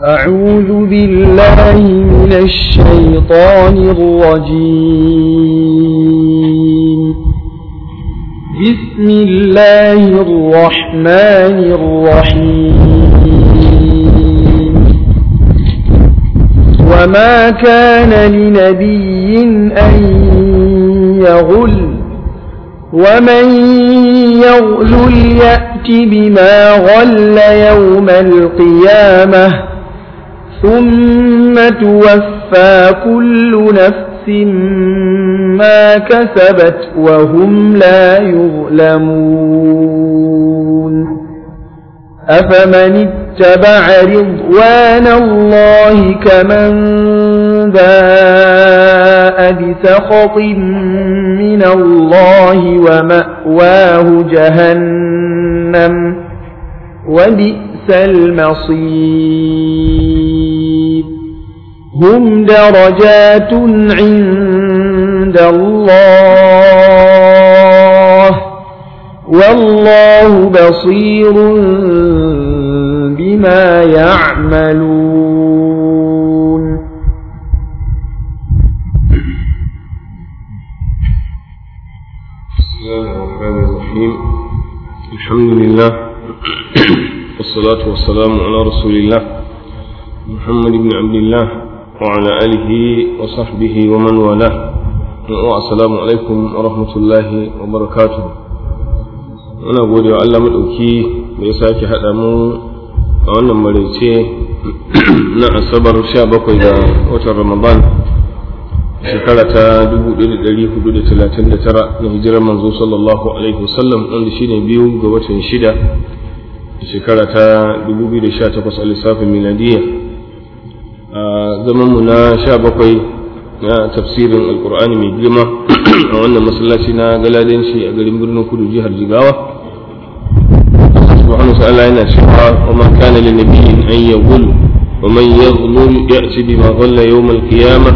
أعوذ بالله من الشيطان الرجيم بسم الله الرحمن الرحيم وما كان لنبي أن يغل ومن يغل يأت بما غل يوم القيامة ثم توفى كل نفس ما كسبت وهم لا يظلمون أفمن اتبع رضوان الله كمن باء بسخط من الله ومأواه جهنم وبئس المصير هم درجات عند الله والله بصير بما يعملون بسم الله الرحمن الرحيم الحمد لله والصلاة والسلام على رسول الله محمد بن عبد الله وعلى آله وصحبه ومن والاه السلام alaikum wa rahmatullahi wa barakatu. muna gode wa Allah maɗauki da ya sake haɗa mu a wannan maraice na asabar 17 ga watan ramadan shekara ta 1439 na hijirar manzo sallallahu alaihi wasallam wanda shine biyu ga watan shida shekara ta 2018 a lissafin miladiya. zaman mu na sha bakwai na tafsirin alkur'ani mai girma a wannan masallaci na galadanci a garin birnin kudu jihar jigawa subhanahu ta'ala yana cewa wa man kana lin nabiyyin an yaghul wa man yaghlul ya'ti bima ghalla yawm al-qiyamah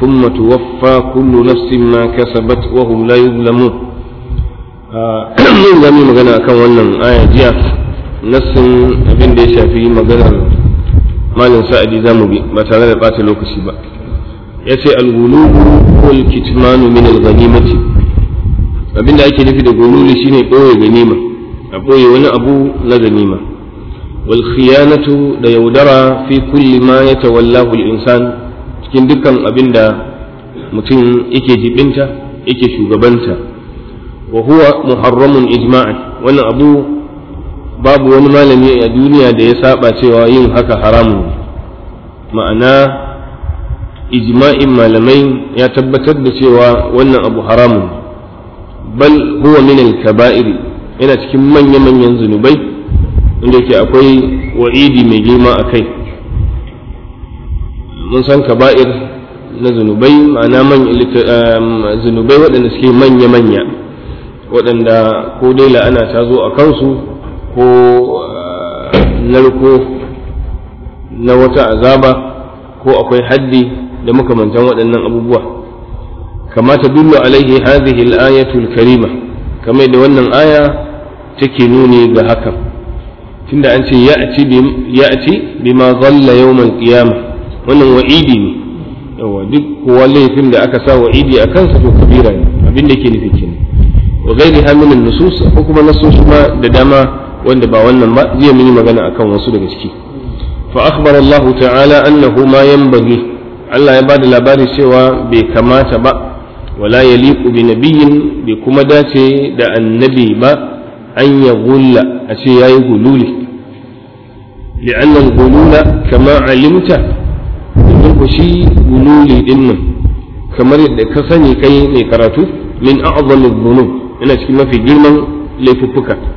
thumma tuwaffa kullu nafsin ma kasabat wa hum la yuzlamun mun ga magana akan wannan aya jiya nassin abin da ya shafi maganar malin sa'adi za mu bi ba tare da ɓata lokaci ba ya ce algulubu wal kitmanu min al-ghanimati abinda ake nufi da gululu shine ɓoye ganima a ɓoye wani abu na ganima wal khiyanatu da yaudara fi kulli ma yatawallahu al-insan cikin dukkan abinda mutum yake jibinta yake shugabanta wa huwa muharramun ijma'an wannan abu babu wani malami a duniya da ya saba cewa yin haka haramun ma'ana ijma'in malamai ya tabbatar da cewa wannan abu haramun bal huwa min al-kaba'ir yana cikin manya-manyan zunubai inda yake akwai wa'idi mai girma a kai mun san kaba'ir na zunubai ma'ana eh, zunubai waɗanda suke manya-manya waɗanda ko dai la'ana ta zo a kansu ko eh, narko na wata azaba ko akwai haddi da makamantan waɗannan abubuwa kama ta dullu alaihi hadhihi al-ayatu al-karima kamar da wannan aya take nuni ga hakan tunda an ce ya'ti bi ya'ti bima dhalla yawm al-qiyamah wannan wa'idi ne yawa duk kowa laifin da aka sa wa'idi a kansa to kabira ne abin da ke nufi kenan wa ghairiha min an-nusus ko kuma nasus ma da dama wanda ba wannan ba zai mun yi magana akan wasu daga ciki fa akhbara Allah ta'ala annahu ma yanbaghi Allah ya bada labari cewa bai kamata ba wala yaliqu bi nabiyyin bai kuma dace da annabi ba an ya gulla a ce yayi gululi kama alimta كما علمت shi gululi dinnan kamar yadda ka sani kai mai karatu min a'zamu dhunub ina cikin mafi girman laifuffuka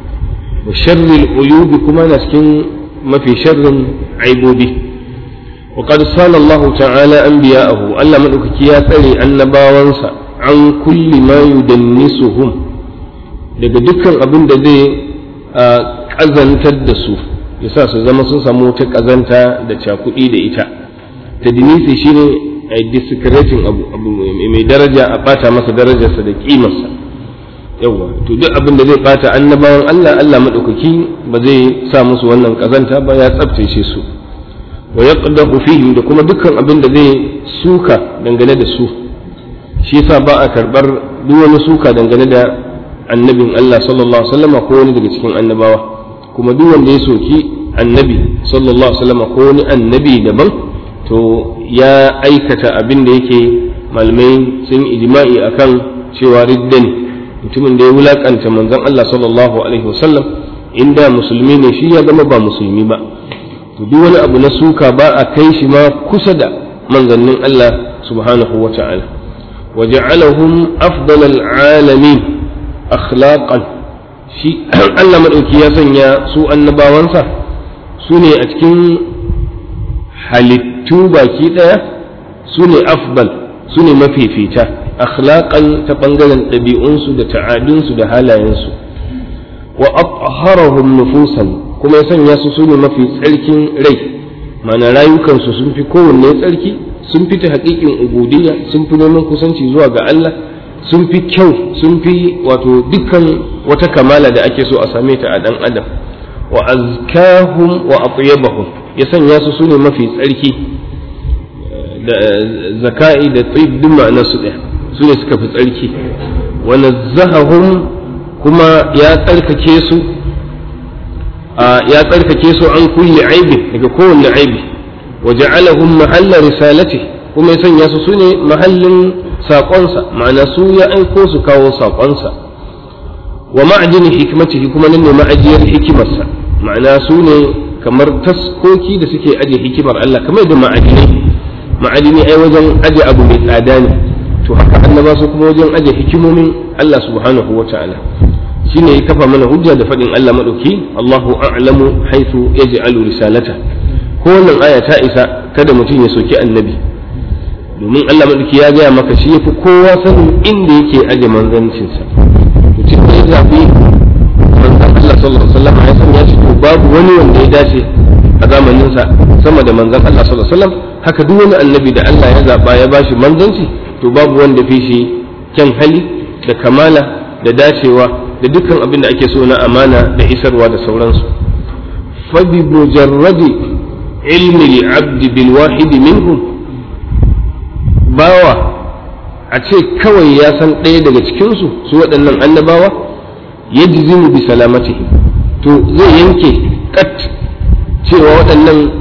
wa sharril uyubi kuma na cikin mafi sharrin aibobi wa qad sallallahu ta'ala anbiya'ahu Allah madaukaki ya tsare annabawansa an kulli ma yudannisuhum daga dukkan abin da zai kazantar da su yasa su zama sun samu wata kazanta da cakuɗi da ita tadnisi shine a discretin abu mai daraja a bata masa darajarsa da kimarsa yawa to duk abin da zai bata annabawan Allah Allah madaukaki ba zai sa musu wannan kazanta ba ya tsaftace su wa yaqdahu fihim da kuma dukkan abin da zai suka dangane da su shi yasa ba a karbar duk wani suka dangane da annabin Allah sallallahu alaihi wasallam ko wani daga cikin annabawa kuma duk wanda ya soki annabi sallallahu alaihi wasallam ko wani annabi daban to ya aikata abin da yake malamai sun ijma'i akan cewa riddani. mutumin da ya wulakanta manzon Allah sallallahu alaihi wasallam inda musulmi ne shi ya zama ba musulmi ba to duk wani abu na suka ba a kai shi ma kusa da manzannin Allah subhanahu wa ta'ala wa ja'alahum afdal al'alamin akhlaqan shi Allah madauki ya sanya su annabawansa su ne a cikin halittu baki daya su ne afdal su ne mafifita akhlaqan ta bangaren ɗabi'unsu da ta'adunsu da halayensu wa atharahum nufusan kuma ya sanya su ne mafi tsarkin rai mana rayukansu sun fi kowanne tsarki sun fi ta haƙiƙin ubudiyya sun fi neman kusanci zuwa ga Allah sun fi kyau sun fi wato dukkan wata kamala da ake so a same ta a dan adam wa azkahum wa atyabahum ya sanya su ne mafi tsarki da zaka'i da tsib duk ma'anar ɗaya su ne suka fi tsarki wani zahahun kuma ya tsarkake su ya tsarkake su an kulle aibi daga kowanne aibi waje ja'alahum mahalla risalati kuma ya sanya su ne mahallin saƙonsa ma'ana su ya aiko su kawo saƙonsa wa ma'ajin hikimatihi kuma nan ne ma'ajiyar hikimarsa ma'ana su ne kamar taskoki da suke aje hikimar Allah kamar da ma'adinai ma'adini ai wajen aje abu mai tsada ne to haka annaba su kuma wajen aje hikimomin Allah subhanahu wa ta'ala shi ne kafa mana hujja da faɗin Allah maɗauki Allahu a'lamu haythu yaj'alu risalata ko wannan aya ta isa kada mutum ya soki annabi domin Allah maɗauki ya gaya maka shi yafi kowa sanin inda yake aje manzancinsa mutum ya zafi manzan Allah sallallahu alaihi wasallam ya san ya to babu wani wanda ya dace a zamaninsa sama da manzan Allah sallallahu alaihi wasallam haka duk wani annabi da Allah ya zaɓa ya bashi manzanci to babu wanda fi shi kyan hali da kamala da dacewa da dukkan abin da ake so na amana da isarwa da sauransu fa bi ilmi li abdi bil wahid minhum bawa a ce kawai ya san ɗaya daga cikinsu su waɗannan annabawa ya jizimu bi salamati. to zai yanke kat cewa waɗannan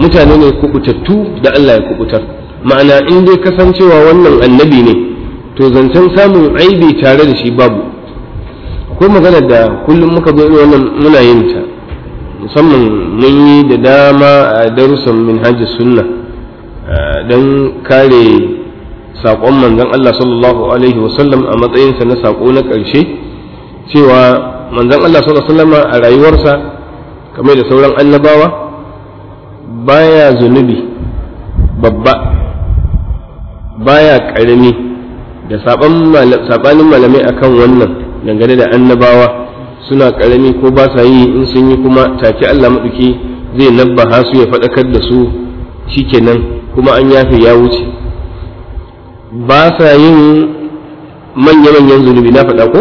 mutane ne kubutattu da Allah ya kubutar ma'ana in dai kasancewa wannan annabi ne to zancen samun aibi tare da shi babu akwai magana da kullum muka zo wannan muna yin ta musamman mun yi da dama a darussan minhajis sunna don kare saƙon manzon Allah sallallahu alaihi sallam a matsayinsa na saƙo na ƙarshe cewa manzon Allah sallallahu alaihi sallam a rayuwarsa kamar da sauran annabawa baya zunubi babba baya karami da sabanin malamai akan wannan dangane da annabawa suna karami ko ba sa yi in sun yi kuma take Allah maduki zai nabbaha su ya faɗakar da su shikenan kuma an yafe ya wuce ba sa yin manya-manyan zunubi na faɗa ko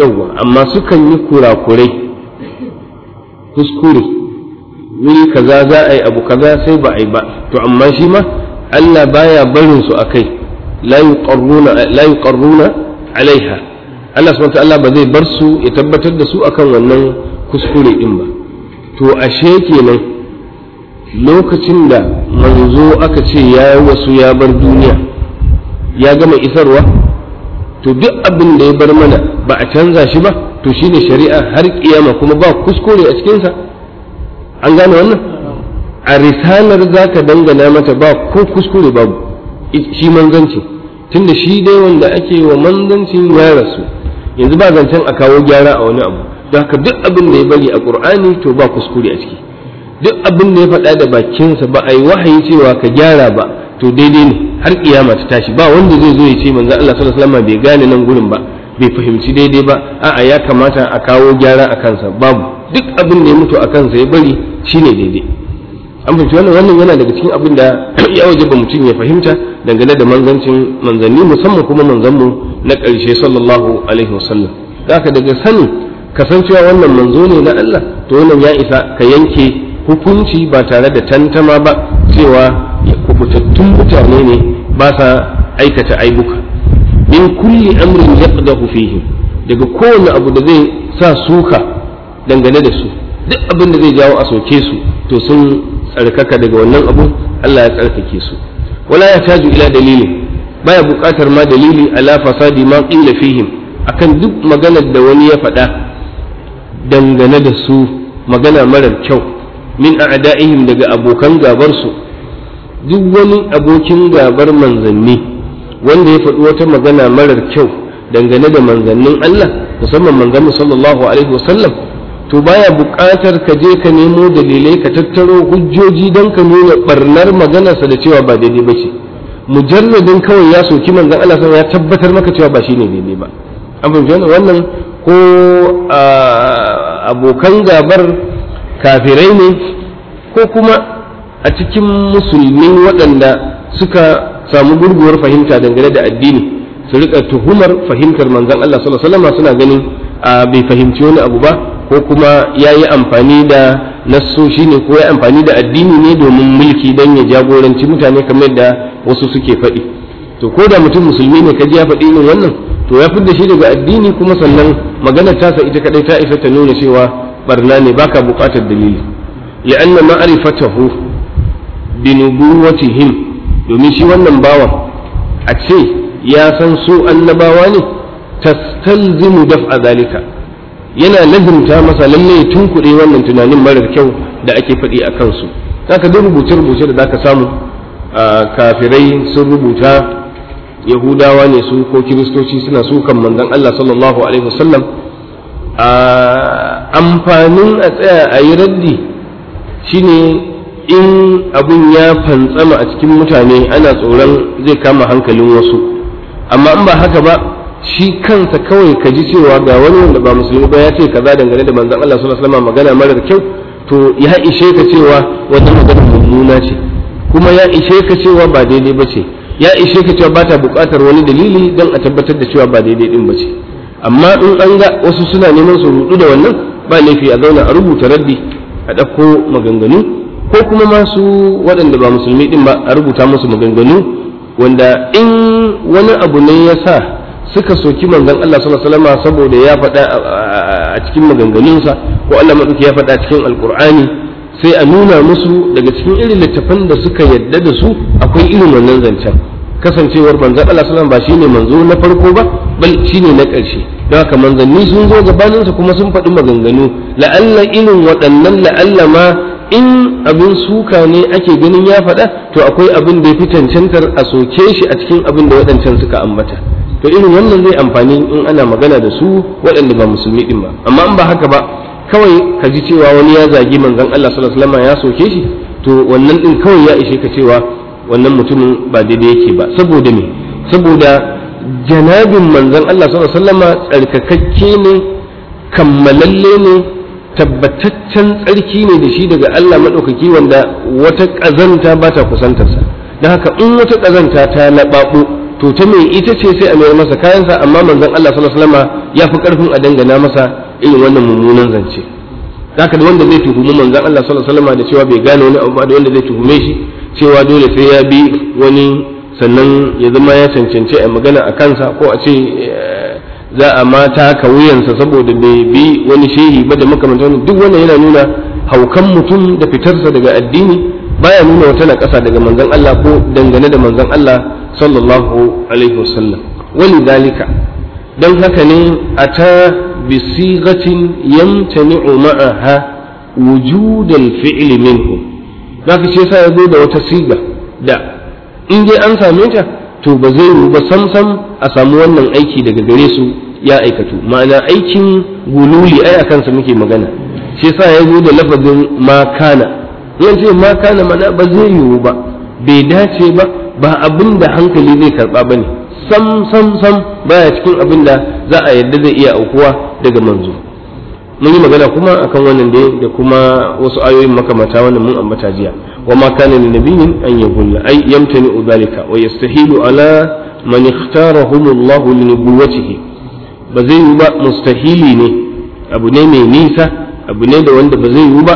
yawwa amma sukan yi kurakurai kuskure wuri kaza za a yi abu kaza sai ba a yi ba to amma shi ma Allah baya barin su akai la yuqarruna la yuqarruna alaiha Allah subhanahu ta'ala ba zai bar su ya tabbatar da su akan wannan kuskure din ba to ashe kenan lokacin da manzo aka ce ya yi wasu ya bar duniya ya gama isarwa to duk abin da ya bar mana ba a canza shi ba to shine shari'a har kiyama kuma ba kuskure a cikinsa an gane wannan a risalar za ka dangana mata ba ko kuskure babu shi manzanci tunda shi dai wanda ake wa manzancin ya rasu yanzu ba zancen a kawo gyara a wani abu Da haka duk abin da ya bari a ƙur'ani to ba kuskure a ciki duk abin da ya faɗa da bakinsa ba a yi wahayi cewa ka gyara ba to daidai ne har kiyama ta tashi ba wanda zai zo ya ce manzo Allah sallallahu alaihi bai gane nan gurin ba bai fahimci daidai ba a'a ya kamata a kawo gyara a kansa babu duk abin da ya mutu a kansa ya bari shine daidai an fahimci wannan wannan yana daga cikin abin da ya ba mutum ya fahimta dangane da manzancin manzanni musamman kuma manzanmu na ƙarshe sallallahu alaihi wasallam aka daga sani kasancewa wannan manzo ne na Allah to wannan ya isa ka yanke hukunci ba tare da tantama ba cewa kubutattun mutane ne ba sa aikata aibuka min kulli amrin yaqdahu fihi daga kowane abu da zai sa suka dangane da su duk abin da zai jawo a soke su to sun tsarkaka daga wannan abu Allah ya tsarkake su wala ya taju ila dalilin baya buƙatar ma dalili ala fasadi ma qila fihim akan duk maganar da wani ya faɗa dangane da su magana marar kyau min a'da'ihim daga abokan gabar su duk wani abokin gabar manzanni wanda ya faɗi wata magana marar kyau dangane da manzannin Allah musamman manzanni sallallahu alaihi wasallam to baya buƙatar ka je ka nemo dalilai ka tattaro hujjoji don ka nuna barnar maganarsa da cewa ba daidai ba ce mujalladin kawai ya soki manzan Allah sama ya tabbatar maka cewa ba ne daidai ba an fahimci wannan ko abokan gabar kafirai ne ko kuma a cikin musulmi waɗanda suka samu gurguwar fahimta dangane da addini su riƙa tuhumar fahimtar manzan Allah sallallahu alaihi suna ganin bai fahimci wani abu ba ko kuma ya yi amfani da nassoshi ne ko ya amfani da addini ne domin mulki don ya jagoranci mutane kamar da wasu suke faɗi to ko da mutum musulmi ne kaji ya faɗi irin wannan to ya fidda shi daga addini kuma sannan maganar tasa ita kadai ta isa ta nuna cewa barna ne baka buƙatar dalili li'anna ma'rifatahu bi nubuwatihim domin shi wannan bawan a ce ya san su annabawa ne tastalzimu daf'a zalika yana lahimta masa lalle tun kuɗe wannan tunanin marar kyau da ake faɗi a kansu ka duk rubuce-rubuce da za ka samu a kafirai sun rubuta yahudawa ne su ko kiristoci suna sukan manzon Allah sallallahu alaihi wasallam amfanin a tsaya a yi raddi shine in abun ya fantsama a cikin mutane ana tsoron zai kama hankalin wasu amma in ba haka ba shi kansa kawai ka ji cewa ga wani wanda ba musulmi ba ya ce kaza dangane da manzon Allah sallallahu alaihi magana marar kyau to ya ishe ka cewa wannan magana mummuna ce kuma ya ishe ka cewa ba daidai ba ce ya ishe ka cewa ba ta buƙatar wani dalili don a tabbatar da cewa ba daidai din ba ce amma in an ga wasu suna neman su rudu da wannan ba laifi a zauna a rubuta rabbi a ɗauko maganganu ko kuma masu waɗanda ba musulmi din ba a rubuta musu maganganu wanda in wani abu ne ya sa suka soki manzon Allah sallallahu alaihi wasallam saboda ya faɗa a cikin maganganunsa ko Allah madauki ya faɗa cikin alqur'ani sai a nuna musu daga cikin irin littafan da suka yadda da su akwai irin wannan zancen kasancewar manzon Allah sallallahu alaihi wasallam ba shine manzo na farko ba bal shine na ƙarshe don haka manzanni sun zo gabaninsa kuma sun faɗi maganganu la'alla irin waɗannan la'alla ma in abin suka ne ake ganin ya faɗa to akwai abin da ya fi cancantar a soke shi a cikin abin da waɗancan suka ambata to irin wannan zai amfani in ana magana da su waɗanda ba musulmi din ba amma in ba haka ba kawai ka ji cewa wani ya zagi manzon Allah sallallahu alaihi wasallam ya soke shi to wannan din kawai ya ishe ka cewa wannan mutumin ba daidai yake ba saboda me saboda janabin manzon Allah sallallahu alaihi wasallam tsarkakakke ne kammalalle ne tabbataccen tsarki ne da shi daga Allah madaukaki wanda wata ƙazanta ba ta kusantarsa don haka in wata kazanta ta labaɓo to ta mai ita ce sai a mayar masa kayansa amma manzon Allah sallallahu alaihi wasallam ya fi karfin a dangana masa irin wannan mummunan zance zaka da wanda zai tuhumi manzon Allah sallallahu alaihi wasallam da cewa bai gane wani abu ba da wanda zai tuhume shi cewa dole sai ya bi wani sannan ya zama ya cancanci a magana a kansa ko a ce eh, za a mata ka wuyansa saboda bai bi wani shehi ba da makamantar duk wannan yana nuna haukan mutum da fitarsa daga addini baya nuna wata na ƙasa daga manzon Allah ko dangane da manzon Allah sallallahu alaihi wasallam wani dalika don haka ne a ta bisigatin yamtani'u ma'aha wujudal fi'li minhu zaka ce yasa ya zo da wata siga da in dai an same ta to ba zai yi ba sam a samu wannan aiki daga gare su ya aikatu ma'ana aikin gululi ai akan sa muke magana shi yasa ya zo da lafazin ma kana yanzu ma kana mana ba zai yiwu ba bai dace ba ba abin da hankali zai karba ba ne sam sam sam baya cikin abin da za a yarda zai iya aukuwa daga manzo mun yi magana kuma akan wannan da da kuma wasu ayoyin makamata wannan mun ambata jiya wa ma kana lin nabiyyin an yagulla ay yamtani udhalika wa yastahilu ala man ikhtarahum Allah li nubuwwatihi ba zai yi ba mustahili ne abu ne mai nisa abu ne da wanda ba zai yi ba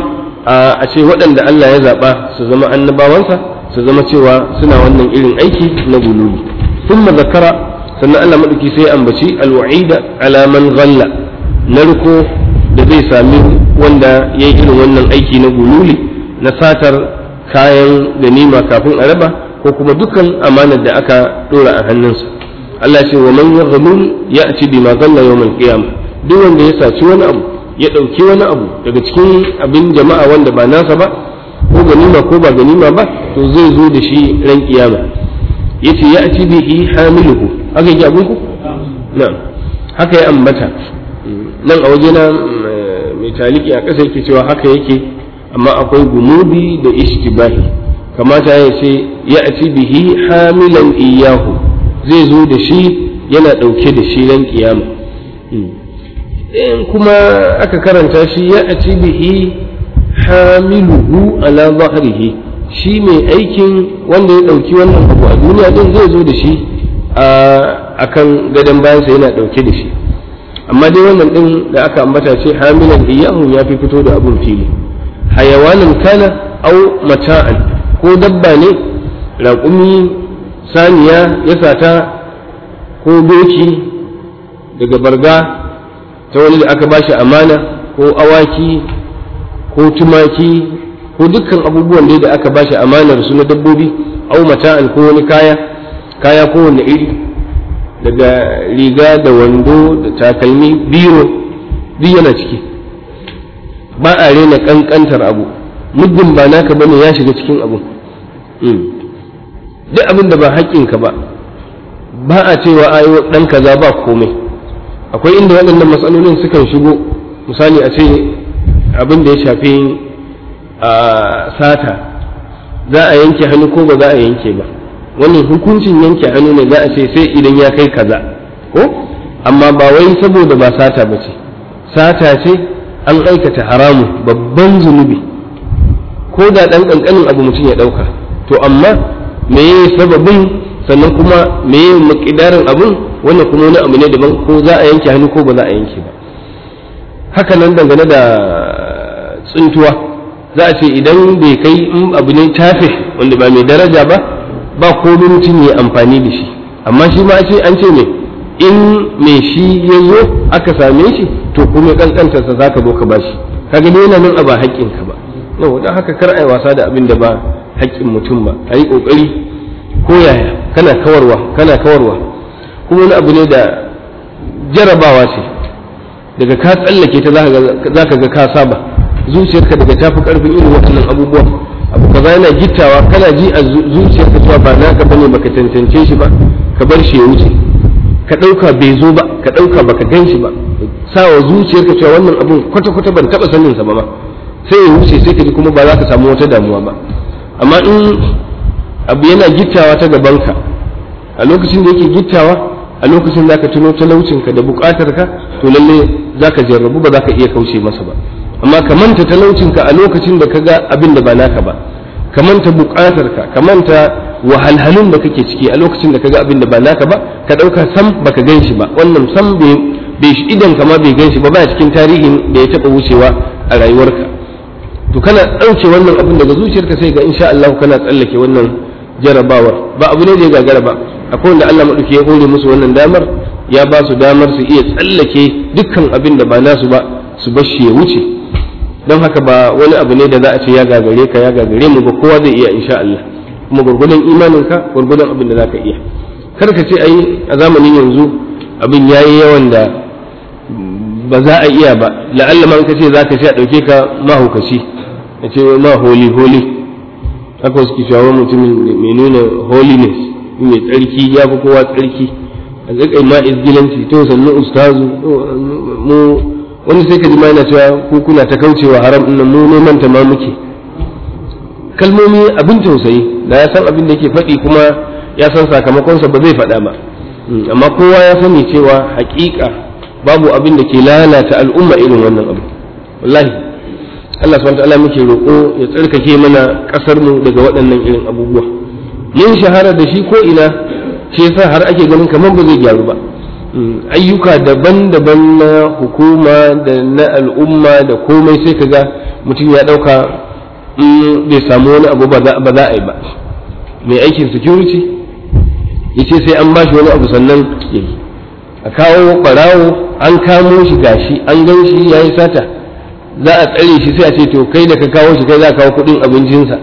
a ce waɗanda Allah ya zaɓa su zama annabawansa su zama cewa suna wannan irin aiki na gulubi sun zakara sannan Allah maɗauki sai ambaci alwa'ida alaman na narko da zai sami wanda ya yi irin wannan aiki na gululi na satar kayan ganima kafin a raba ko kuma dukan amanar da aka ɗora a hannunsa Allah ce wa man yaghlul ya'ti bima ghalla yawmal qiyamah duk wanda ya saci wani abu ya ɗauki wani abu daga cikin abin jama'a wanda ba nasa ba ko ganima ko ba ganima ba to zai zo da shi ran kiyama yace ya ati bihi hamiluhu haka yake abun ku na'am haka ya ambata nan a wajena mm, mai taliki a ƙasa yake cewa haka yake amma akwai gumubi da ishtibahi kamata ya ce ya ati bihi hamilan iyahu zai zo da shi yana ɗauke da shi ran kiyama kuma aka karanta shi ya ati bihi hamiluhu ala zahrihi shi mai aikin wanda ya ɗauki wannan abu a duniya din zai zo da shi a kan gadon sa yana ɗauke da shi amma dai wannan ɗin da aka ambata ce hamilan iyahu ya fi fito da abun fili hayawanin kana au mata'an ko dabba ne raƙumi saniya ya sata ko doki daga barga ta wani da aka bashi amana ko awaki ko tumaki ko dukkan abubuwan da da aka bashi amanar su na dabbobi au mata'an ko wani kaya kaya ko wani iri daga riga da wando da takalmi biro duk yana ciki ba a rena kankantar abu muddin ba naka bane ya shiga cikin abu hmm. duk abin da ba haƙƙinka ba ba a cewa ayo ɗan kaza ba komai akwai inda waɗannan matsalolin sukan shigo misali a ce abin da ya shafi a sata za a yanke hannu ko ba za a yanke ba wannan hukuncin yanke hannu ne za a ce sai idan ya kai kaza ko amma ba wai saboda ba sata ba ce sata ce an aikata haramu babban zunubi ko da ɗan ƙanƙanin abu mutum ya ɗauka to amma me meye sababin sannan kuma meye maƙidarin abin wannan kuma wani abu ne daban ko za a yanke hannu ko ba za a yanke ba haka nan dangane da tsintuwa za a ce idan bai kai in abu ne tafe wanda ba mai daraja ba ba ko mutum ne amfani da shi amma shi ma ce an ce ne in mai shi ya zo aka same shi to kuma kankantarsa za ka zo ka bashi kaga ne yana nan a ba haƙƙinka ba yau don haka kar a yi wasa da abin da ba haƙƙin mutum ba a yi ƙoƙari ko yaya kana kawarwa kana kawarwa kuma wani abu ne da jarabawa ce daga ka tsallake ta za ka ga ka saba zuciyarka daga tafi karfin irin waɗannan abubuwa abu kaza yana gittawa kana ji a zuciyarka cewa ba naka bane baka tantance shi ba ka bar shi ya wuce ka ɗauka bai zo ba ka ɗauka baka gan shi ba sawa zuciyarka cewa wannan abun kwata kwata ban taɓa sanin sa ba ma sai ya wuce sai ka ji kuma ba za ka samu wata damuwa ba amma in abu yana gittawa ta gabanka a lokacin da yake gittawa a lokacin da ka tuno talaucinka da bukatarka to lalle Za ka jarrabu ba za ka iya kauce masa ba amma ka manta talaucinka a lokacin da ka ga abin da ba naka ba ka manta buƙatarka ka manta wahalhalun da kake ciki a lokacin da ka ga abin da ba naka ba ka ɗauka sam baka gan shi ba wannan sam bai shi idan kama bai gan shi ba ba cikin tarihin da ya taɓa wucewa a rayuwarka to kana ɗauke wannan abin daga zuciyarka sai ga insha Allah kana tsallake wannan jarabawar ba abu ne da ya gagara ba akwai wanda Allah maɗauki ya gode musu wannan damar ya ba su damar su iya tsallake dukkan abin da ba nasu ba su bar shi ya wuce don haka ba wani abu ne da za a ce ya gagare ka ya gagare mu ba kowa zai iya insha Allah kuma gurgudan imanin ka gurgudan abin da zaka iya kar ka ce ai a zamanin yanzu abin yayi yawan da ba za a iya ba la'alla man ka ce za ka sha dauke ka mahaukaci a ce ma holi holi haka wasu kishawa mutumin mai nuna holiness mai tsarki ya fi kowa tsarki a zaka ma izgilanci to sannu ustazu mu wani sai ka ji ma yana cewa ko kuna ta kaucewa haram din mu neman ta ma muke kalmomi abin tausayi da ya san abin da yake faɗi kuma ya san sakamakonsa ba zai faɗa ba hmm, amma kowa ya sani cewa haƙiƙa babu abin da ke lalata al'umma irin wannan abu wallahi Allah subhanahu ta'ala muke roƙo ya tsarkake mana ƙasar mu daga waɗannan irin abubuwa yin shahara da shi ko ina shi yasa har ake ganin kamar ba zai gyaru ba mm, ayyuka daban-daban na hukuma da na al'umma da komai sai kaga mutum ya dauka bai samu wani abu ba za a yi ba mai aikin security ya ce sai an bashi wani abu sannan ya yi a kawo barawo an kamo shi gashi an gan shi ya yi sata za a tsare shi sai a ce to kai da ka kawo shi kai za a kawo kudin abincinsa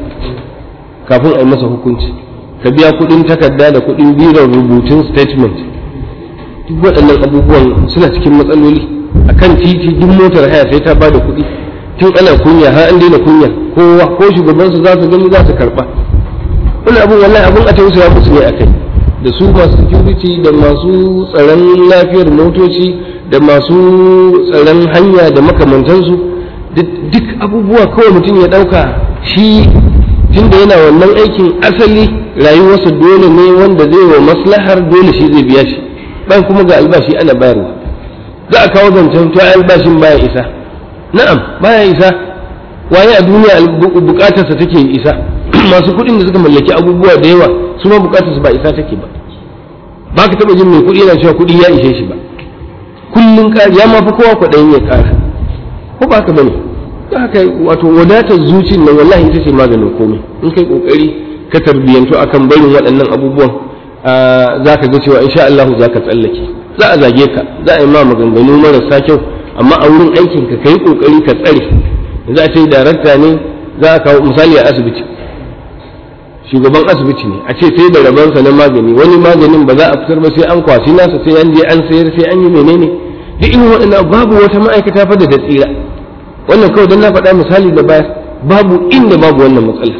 kafin a yi masa hukunci ka biya kuɗin takarda da kuɗin biran rubutun statement duk waɗannan abubuwan suna cikin matsaloli a kan titi duk motar haya sai ta ba da kuɗi tun ana kunya har an daina kunya kowa ko shugabansu za su gani za su karɓa wani abun wallahi abun a ya musu ne a kai da su masu security da masu tsaron lafiyar motoci da masu tsaron hanya da makamantansu duk abubuwa kawai mutum ya ɗauka shi tunda yana wannan aikin asali rayuwarsa dole ne wanda zai wa maslahar dole shi zai biya shi Bayan kuma ga albashi ana bayarwa za a kawo zancen to albashin baya isa na'am baya isa waye a duniya bukatarsa take isa masu kuɗin da suka mallaki abubuwa da yawa su ma bukatarsa ba isa take ba ba ka taɓa jin mai kuɗi yana cewa kuɗi ya ishe shi ba kullum ƙari ya ma fi kowa kwaɗayin ya ƙara ko ba ka bane da haka wato wadatar zuci nan wallahi ita ce maganin komai in kai kokari ka tarbiyantu akan barin waɗannan abubuwan za ka ga cewa insha Allah za ka tsallake za a zage ka za a yi ma maganganu marasa kyau amma a wurin aikin ka kai kokari ka tsare za a ce darakta ne za a kawo misali a asibiti shugaban asibiti ne a ce sai da rabansa na magani wani maganin ba za a fitar ba sai an kwasi nasa sai an je an sayar sai an yi menene duk in waɗannan babu wata ma'aikata fa da tsira wannan kawai don na faɗa misali da baya babu inda babu wannan matsala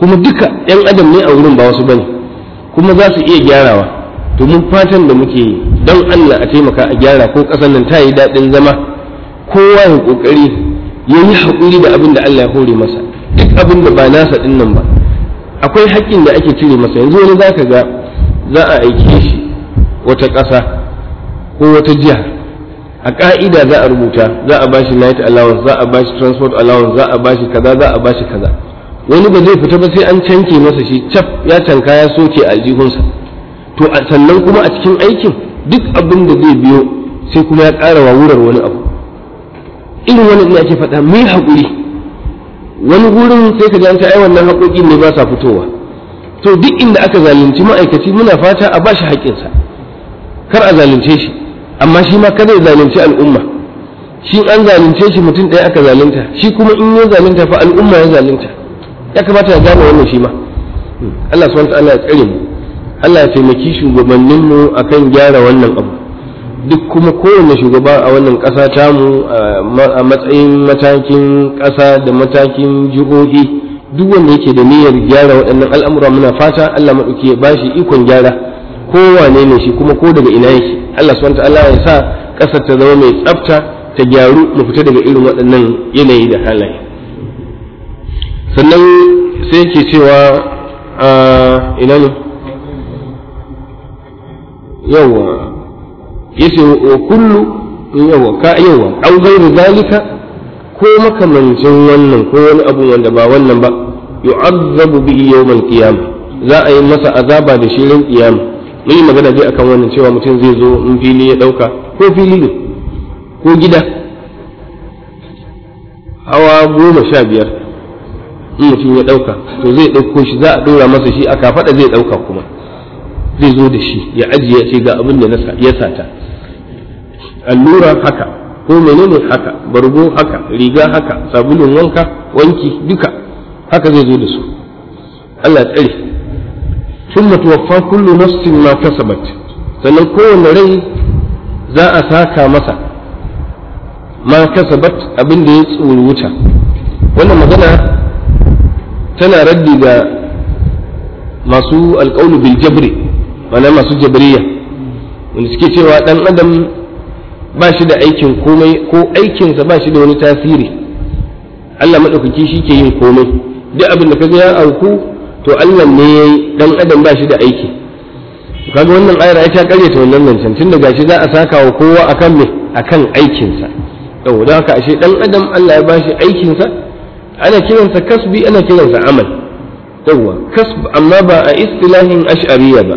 kuma duka 'yan adam ne a wurin ba wasu bane kuma za su iya gyarawa to mun fatan da muke yi don Allah a taimaka a gyara ko ƙasar nan ta yi daɗin zama kowa ya ƙoƙari ya yi haƙuri da abin da Allah ya hore masa duk abin da ba nasa ɗin ba akwai haƙƙin da ake cire masa yanzu wani za ka ga za a aike shi wata ƙasa ko wata jiha a ka'ida za a rubuta za a bashi night allowance za a bashi transport allowance za a bashi kaza za a bashi kaza wani ba zai fita ba sai an canke masa shi cap ya canka ya soke a jihunsa. to a sannan kuma a cikin aikin duk abin da zai biyo sai kuma ya ƙara wawurar wani abu irin wani ne ake faɗa mai hakuri, wani gurin sai ka janta ai wannan haƙoƙin ne ba sa fitowa to duk inda aka zalunci ma'aikaci muna fata a ba shi haƙƙinsa kar a zalunce shi amma shi ma kada ya zalunci al'umma shi an zalunce shi mutum ɗaya aka zalunta shi kuma in ya zalunta fa al'umma ya zalunta ya kamata ya gane wannan shi ma Allah subhanahu ta'ala ya tsare mu Allah ya taimaki shugabannin mu akan gyara wannan abu duk kuma kowane shugaba a wannan ƙasa mu a matsayin matakin ƙasa da matakin jihohi duk wanda yake da niyyar gyara waɗannan al'amura muna fata Allah maɗauki ya bashi ikon gyara kowane ne shi kuma ko daga ina yake Allah subhanahu ta'ala ya sa kasar ta zama mai tsafta ta gyaru mu fita daga irin waɗannan yanayi da halaye sannan sai yake cewa a ina ne yawa yace wa kullu yawa ka yawa au ghairu zalika ko makamancin wannan ko wani abu wanda ba wannan ba yu'azzabu bihi yawmal qiyamah za a yi masa azaba da shirin kiyama mun yi magana dai akan wannan cewa mutum zai zo in fili ya ɗauka ko fili ne ko gida hawa goma sha biyar in mutum ya ɗauka to zai ɗauko shi za a ɗora masa shi a kafaɗa zai ɗauka kuma zai zo da shi ya ajiye ce ga abin da ya sata allura haka ko menene haka bargo haka riga haka sabulun wanka wanki duka haka zai zo da su Allah tsare thumma tuwaffa kullu nafsin ma kasabat sannan kowane rai za a saka masa ma kasabat abin da ya tsuruta wannan magana tana raddi ga masu alƙaunu bil jabri mana masu jabriya wanda suke cewa ɗan adam ba shi da aikin komai ko aikinsa ba shi da wani tasiri Allah maɗaukaki shi ke yin komai duk abin da ga ya auku to Allah ne ɗan dan adam ba shi da aiki kaga wannan ayar ai ta kare ta wannan zancen tunda gashi za a saka wa kowa akan me akan aikinsa yau da haka ashe dan adam Allah ya bashi aikinsa ana kiransa kasbi ana kiransa amal yawwa kasb amma ba a istilahin ash'ariyya ba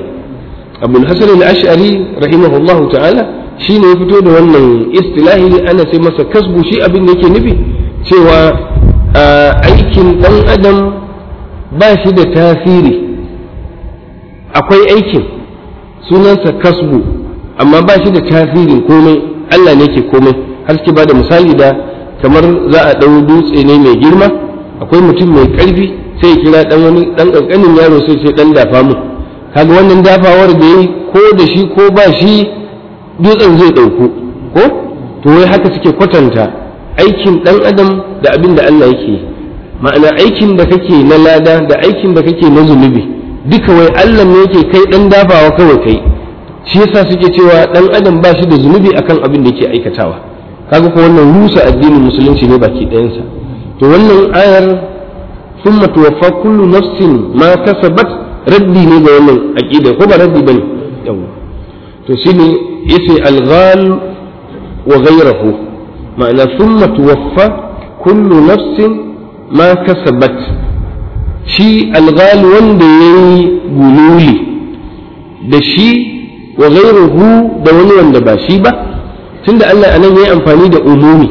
abul hasan al-ash'ari rahimahullahu ta'ala shine ya fito da wannan istilahi ana sai masa kasbu shi abin da yake nufi cewa aikin ɗan adam ba shi da tasiri akwai aikin sunansa kasbu amma ba shi da tasiri komai Allah ne ke komai har suke ba da misali da kamar za a ɗau dutse ne mai girma akwai mutum mai ƙarfi sai ya kira ɗan wani ɗan ƙanƙanin yaro sai sai ɗan dafa mu kaga wannan dafawar da yi ko da shi ko ba shi dutsen zai ɗauku ko to wai haka suke kwatanta aikin ɗan adam da abin da Allah yake yi ma'ana aikin da kake na lada da aikin da kake na zunubi duka wai Allah ne yake kai dan dafawa kawai kai shi yasa suke cewa dan adam ba shi da zunubi akan abin da yake aikatawa kaga ko wannan rusa addinin musulunci ne baki ɗayansa to wannan ayar thumma tuwaffa kullu nafsin ma kasabat raddi ne ga wannan aqida ko ba raddi bane yawa to shine yace al-ghal wa ghayruhu ma'ana thumma tuwaffa kullu nafsin ma kasabat shi alghal wanda yi gululi da shi wa ghayruhu da wani wanda ba shi ba tunda Allah ya yi amfani da umumi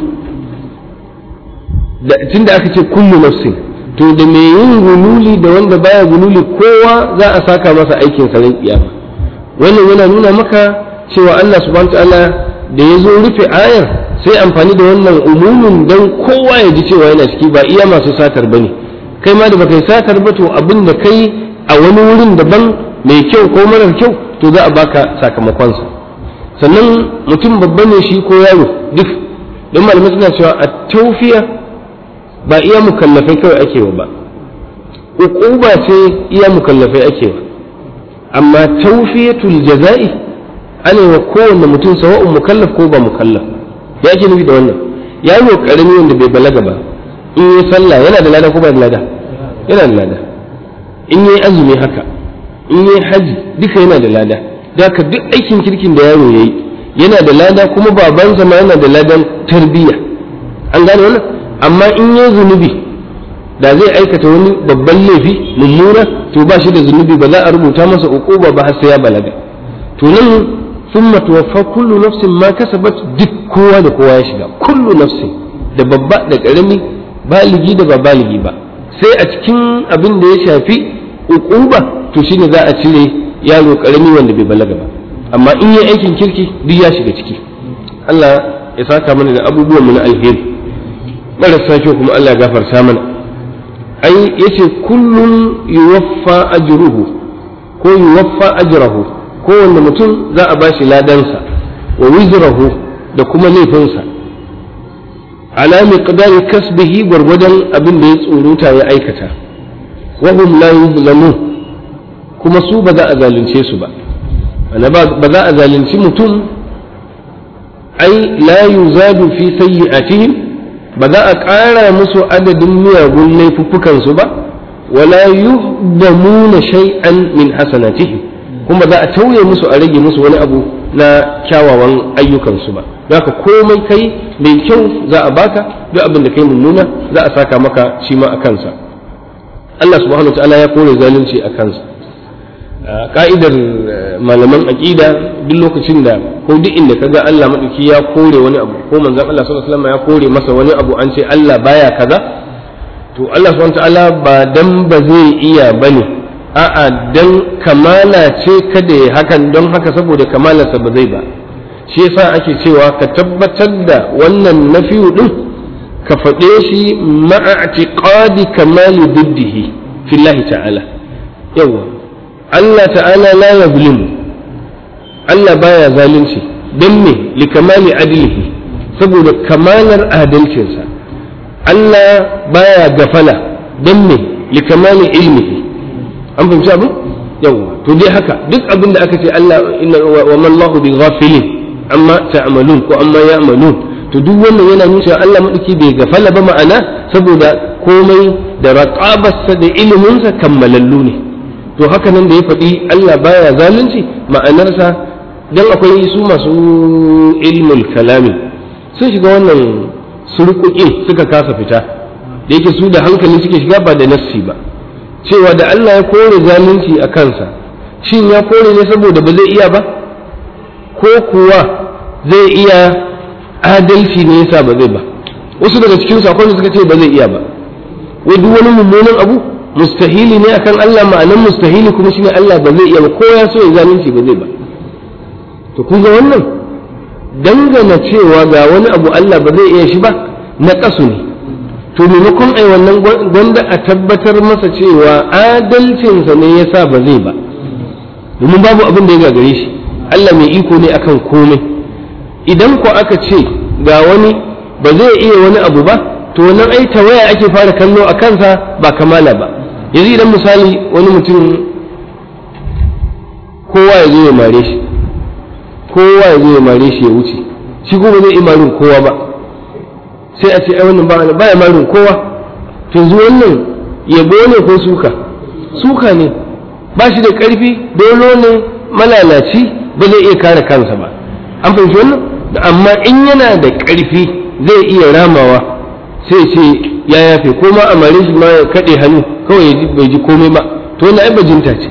tunda aka ce kullu nafsin to da mai yin gululi da wanda baya gululi kowa za a saka masa aikin sa kiyama wannan yana nuna maka cewa Allah subhanahu wa ta'ala da ya zo rufe ayar sai amfani da wannan umumin don kowa ya ji cewa yana ciki ba iya masu satar ba ne kai ma da baka yi satar ba to abin da kai a wani wurin daban mai kyau ko marar kyau to za a baka sakamakonsa sannan mutum babba ne shi ko yaro duk don malamai suna cewa a taufiya ba iya mukallafai kawai ake wa ba ƙuƙuba ce iya mukallafai ake wa amma taufiyatul jaza'i alewa kowanne mutum sawa'un mukallaf ko ba mukallaf ya ke nufi da wannan ya yi wa karami wanda bai balaga ba in yi sallah yana da lada ko ba da lada yana da lada in yi azumi haka in yi haji duka yana da lada da ka duk aikin kirkin da yaro ya yi yana da lada kuma babansa ma yana da ladan tarbiyya an gane wannan amma in yi zunubi da zai aikata wani babban laifi mummuna to ba shi da zunubi ba za a rubuta masa uquba ba har sai ya balaga to nan ثم توفى kullu نفس ma كسبت duk kowa da kowa ya shiga kullu nafsin da babba da karami baligi da ba baligi ba sai a cikin abin da ya shafi uquba to shine za a cire yaro karami wanda bai balaga ba amma in yi aikin kirki duk ya shiga ciki Allah ya saka mana da abubuwan mu na alheri marasa kyau kuma Allah ya gafarta mana ai yace kullun yuwaffa ajruhu ko yuwaffa ajrahu kowanne mutum za a bashi ladansa wa wizrahu da kuma laifinsa ala miqdari kasbihi gwargwadon abin da ya tsoruta ya aikata wa hum la yuzlamun kuma su ba za a zalunce su ba ana ba za a zalunci mutum ai la yuzadu fi sayyi'atihim ba za a ƙara musu adadin miyagun laifuffukansu ba wala yuhdamuna shay'an min hasanatihim kuma za a tauye musu a rage musu wani abu na kyawawan ayyukansu ba za ka komai kai mai kyau za a baka duk abin da kai mummuna za a saka maka shi ma a kansa Allah subhanahu wa ya kore zalunci a kansa ka'idar eh, malaman aqida duk lokacin da ko duk inda kaga Allah madauki ya kore wani abu ko manzon Allah sallallahu alaihi wasallam ya kore masa wani abu an ce Allah baya kaza to Allah subhanahu wa ba dan ba zai iya bane a'a dan kamala ce kada ya hakan don haka saboda kamalarsa ba zai ba shi yasa ake cewa ka tabbatar da wannan nafiu din ka faɗe shi ma'a tiqadi kamali diddihi fillahi ta'ala yawa Allah ta'ala la yazlimu Allah baya zalunci dan me li kamali adlihi saboda kamalar adalcinsa Allah baya gafala dan me li kamali ilmihi an fahimci abin yawwa to dai haka duk abin da aka ce Allah inna wa man Allahu bi ghafilin amma ta'malun ko amma ya'malun to duk wannan yana nuna cewa Allah madauki bai gafala ba ma'ana saboda komai da raqabarsa da iliminsa kammalallu ne to haka nan da ya faɗi Allah baya zalunci ma'anarsa dan akwai su masu ilmul kalami sun shiga wannan surkuƙin suka kasa fita da yake su da hankali suke shiga ba da nassi ba cewa da Allah ya kore zalunci a kansa shin ya kore ne saboda ba zai iya ba ko kuwa zai iya adalci ne yasa ba zai ba wasu daga cikin sakon suka ce ba zai iya ba wai duk wani mummunan abu mustahili ne akan Allah ma'anan mustahili kuma shine Allah ba zai iya ba ko ya so ya zalunci ba zai ba to kun ga wannan dangana cewa ga wani abu Allah ba zai iya shi ba na kasu ne to maimakon ai wannan gwanda a tabbatar masa cewa adalcinsa ne ya sa ba zai ba domin babu abin da ya gagare shi Allah mai iko ne akan komai idan ko aka ce ga wani ba zai iya wani abu ba to wannan ai tawaya ake fara kallo a kansa ba kamala ba yanzu idan misali wani mutum kowa ya zo ya mare shi kowa ya zo ya mare shi ya wuce shi kuma zai imanin kowa ba sai a ce ai wannan ba wani baya marin kowa yanzu wannan yabo ne ko suka suka ne ba shi da ƙarfi dolo ne malalaci ba zai iya kare kansa ba an fahimci wannan amma in yana da ƙarfi zai iya ramawa sai ce ya yafe ko ma a mare shi ma ya kade hannu kawai bai ji komai ba to wannan ai bajinta ce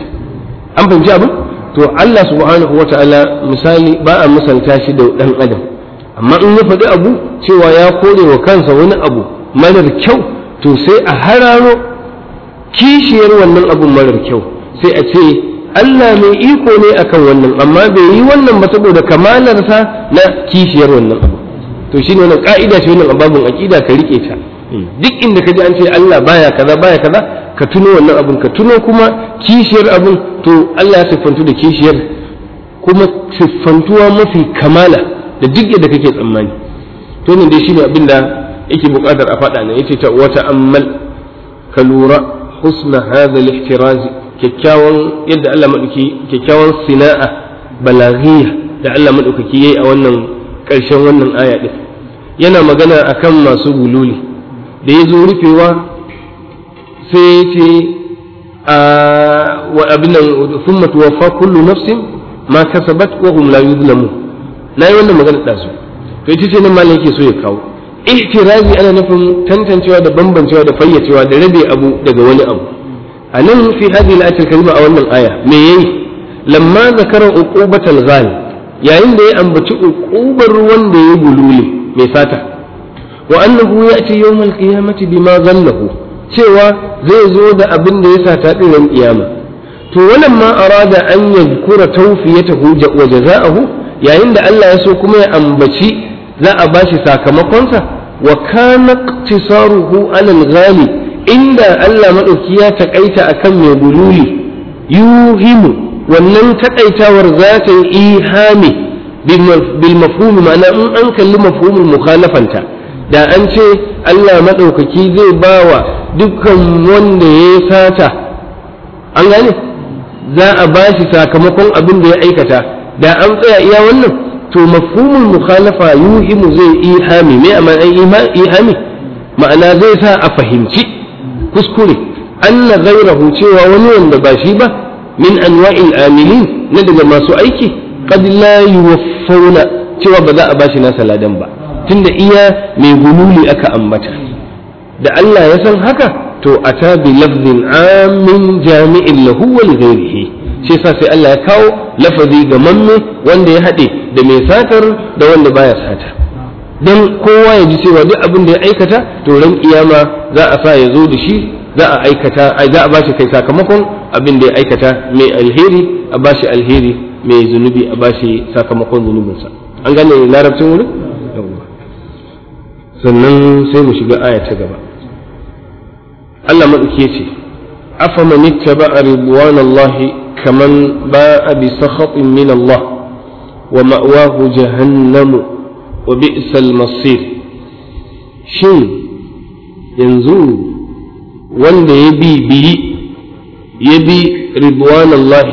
an fahimci abin to Allah subhanahu wa ta'ala misali ba a misalta shi da dan adam amma in ya faɗi abu cewa ya kore wa kansa wani abu marar kyau to sai a hararo kishiyar wannan abun marar kyau sai a ce Allah mai iko ne akan wannan amma bai yi wannan ba saboda kamalarsa na kishiyar wannan abu to shi ne wannan ka'ida ce wannan ababun aqida ka rike ta hmm. duk inda ka ji an ce Allah baya kaza baya kaza ka tuno wannan abun ka tuno kuma kishiyar abun to Allah ya siffantu da kishiyar kuma siffantuwa mafi kamala da duk yadda kake tsammani to ne dai shine abin da yake buƙatar a faɗa ne yace ta wata ammal ka lura husna hadha al kyakkyawan yadda Allah madauki kyakkyawan sina'a balaghiya da Allah madaukaki yayi a wannan ƙarshen wannan aya ɗin yana magana akan masu gululi da ya zo rufewa sai ya ce a wa abin nan sun matuwafa kullu nafsin ma kasabat wa hum la mu. na yi wannan magana ɗazu to ita ce nan malam yake so ya kawo ihtirazi ana nufin tantancewa da bambancewa da fayyacewa da rabe abu daga wani abu a nan fi hadhihi al-ayatul karima a wannan aya me yayi lamma zakara uqubatal ghal yayin da ya ambaci ruwan da ya bulule mai sata wa annahu ya'ti yawmal qiyamati bima zallahu cewa zai zo da abin da ya sata ɗin kiyama to wannan ma arada an yadhkura tawfiyatahu wa jaza'ahu yayin da Allah ya so kuma ya ambaci za a bashi sakamakonsa wa kana tisaruhu alal ghali inda Allah madauki ya takaita akan mai bululi yuhimu wannan takaitawar za ta yi ihami bil mafhum ma'ana in an kalli mafhumul mukhalafanta da an ce Allah madaukaki zai bawa dukkan wanda ya sata an gane za a bashi sakamakon abin da ya aikata da an tsaya iya wannan to mafhumul mukhalafa yuhimu zai ihami me amma an ihami ma'ana zai sa a fahimci kuskure anna ghairahu cewa wani wanda ba shi ba min anwa'il amilin na daga masu aiki qad la yuwaffawna cewa ba za a bashi nasa ladan ba tunda iya mai gululi aka ambata da Allah ya san haka to ata bi lafzin amin jami'in lahu wa li shi yasa sai Allah ya kawo lafazi ga mamme wanda ya haɗe da mai satar da wanda baya sata don kowa ya ji cewa duk abin da ya aikata to ran kiyama za a sa ya zo da shi za a aikata za a bashi kai sakamakon abin da ya aikata mai alheri a bashi alheri mai zunubi a bashi sakamakon zunubinsa an gane larabcin wurin sannan sai mu shiga aya ta gaba Allah maɗauke ce afa man ittaba ridwan Allah كمن باء بسخط من الله ومأواه جهنم وبئس المصير شن ينزو وند يبي بي يبي رضوان الله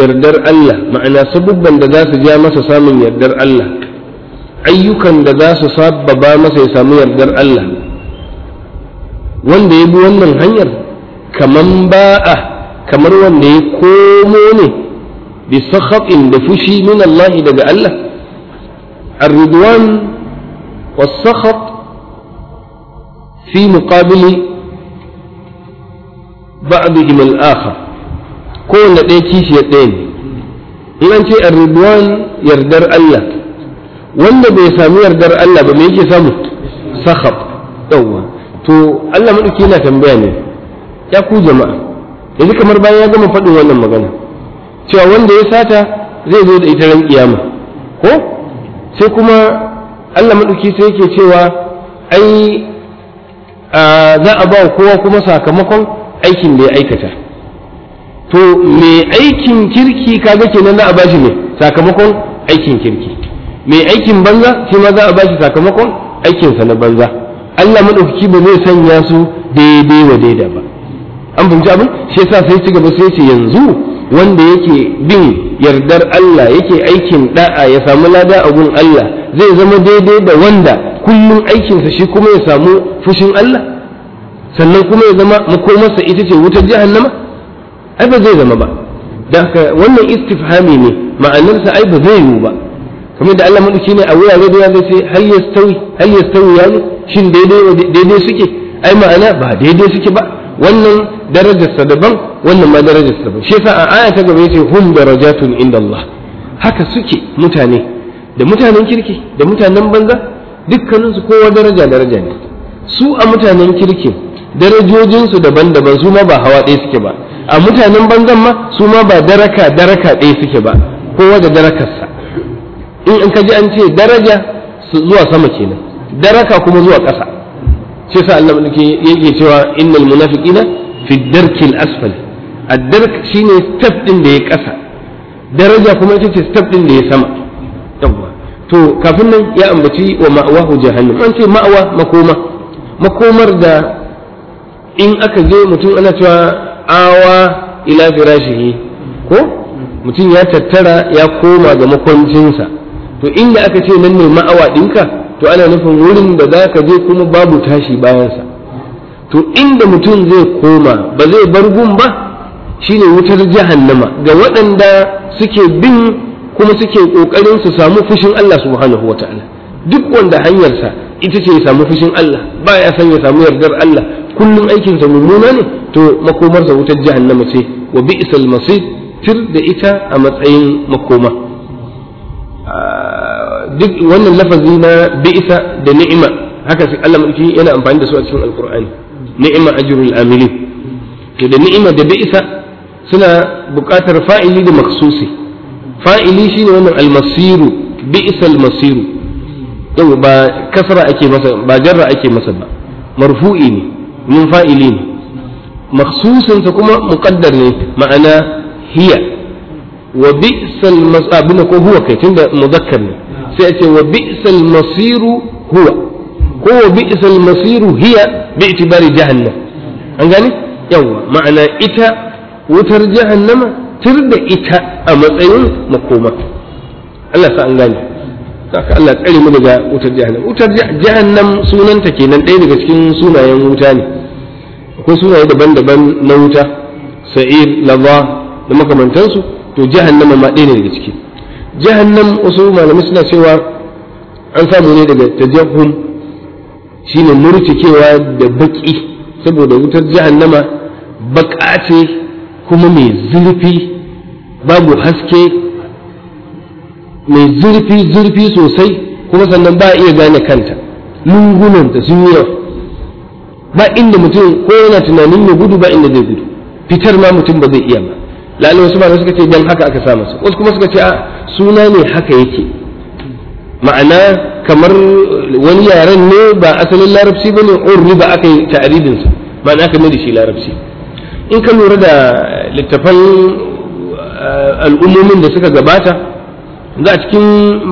يردر الله معنى سببا دذاس جاء مسا سامن يردر الله أيكا دذاس صاب بابا مسا يسامن يردر الله وند يبي ونن هنير كمن باء kamar wanda ya komo ne bi sakhatin da fushi min Allah daga Allah ar-ridwan was-sakhat fi muqabili ba'dihim al-akhar ko kowanne ɗaya ya ɗaya ne in an ce ar-ridwan yardar Allah wanda bai sami yardar Allah ba me yake samu sakhat yawwa to Allah madauki yana tambaya ne ya ku jama'a yanzu kamar bayan ya gama faɗin wannan magana cewa wanda ya sata zai zo da ita ran kiyama ko sai kuma Allah maɗauki sai yake cewa ai za a ba kowa kuma sakamakon aikin da ya aikata to mai aikin kirki kaga kenan za a bashi ne sakamakon aikin kirki mai aikin banza shi ma za a bashi sakamakon aikinsa na banza Allah maɗauki ba zai sanya su daidai wa daidai ba an fahimci abin shi yasa sai ci gaba sai ce yanzu wanda yake bin yardar Allah yake aikin da'a ya samu lada a gun Allah zai zama daidai da wanda kullum aikinsa shi kuma ya samu fushin Allah sannan kuma ya zama makomarsa ita ce wutar jahannama ai ba zai zama ba da wannan istifhami ne ma'anarsa ai ba zai yiwu ba kamar da Allah madauki ne a wurare da ya sai, hal yastawi hal yastawi shin daidai daidai suke ai ma'ana ba daidai suke ba wannan darajarsa daban wannan ma darajarsa daban shi yasa a aya ta gaba yace hum darajatun inda Allah haka suke mutane da mutanen kirki da mutanen banza dukkaninsu kowa daraja daraja ne su a mutanen darajojin darajojinsu daban-daban su ma ba hawa ɗaya suke ba a mutanen banzan ma su ma ba daraka daraka ɗaya suke ba kowa da darakarsa in an kaji an ce daraja zuwa sama kenan daraka kuma zuwa ƙasa shi yasa Allah yake cewa innal munafiqina fi darkil asfal ad-dark shine step din da ya kasa daraja kuma ita ce step din da ya sama yawa to kafin nan ya ambaci wa ma'awahu jahannam an ce ma'awa makoma makomar da in aka je mutum ana cewa awa ila firashihi ko mutum ya tattara ya koma ga makwancinsa to inda aka ce nan ne ma'awa ɗinka to ana nufin wurin da za ka je kuma babu tashi bayansa to inda mutum zai koma ba zai bar gun ba shine wutar jahannama ga waɗanda suke bin kuma suke ƙoƙarin su samu fushin Allah subhanahu wa ta'ala duk wanda hanyarsa ita ce ya samu fushin Allah ba ya san ya samu yardar Allah kullum aikinsa mummuna ne to makomarsa wutar jahannama ce wa bi'sal masir tir da ita a matsayin makoma duk wannan lafazi na bi'sa da ni'ima haka sai Allah madauki yana amfani da su a cikin alqur'ani ni'ima ajrul amilin to da ni'ima da bi'sa suna buƙatar fa'ili da maksusi fa'ili shine wannan almasiru bi'sa almasiru yau ba kasra ake masa ba jarra ake masa ba marfu'i ne min fa'ili ne maksusin sa kuma muqaddar ne ma'ana hiya wa bi'sa almas abuna ko huwa kai da muzakkar ne sai a ce wa bi'sal masiru huwa ko wa bi'sal masiru hiya bi'tibari jahannam an gani yawa ma'ana ita wutar jahannama tur da ita a matsayin makoma Allah sa an gani haka Allah tsare mu daga wutar jahannam wutar jahannam sunanta kenan ɗaya daga cikin sunayen wuta ne akwai sunaye daban-daban na wuta sa'ir lava da makamantansu to jahannama ma ɗaya ne daga ciki jahannam wasu malamai suna cewa an samu ne daga tajahum shine cewa da baki saboda wutar jahannama baka ce kuma mai zurfi babu haske mai zurfi zurfi sosai kuma sannan ba iya gane kanta ta sun yi ba inda mutum ko yana tunanin ya gudu ba inda zai gudu fitar ma mutum ba zai iya ba lalle wasu malamai suka ce dan haka aka sa masa wasu kuma suka ce a suna ne haka yake ma'ana kamar wani yaren ne ba asalin larabci bane urri ba aka yi ta'ribin sa ma'ana aka mai da shi larabci in ka lura da littafan uh, al'ummomin da suka gabata za a cikin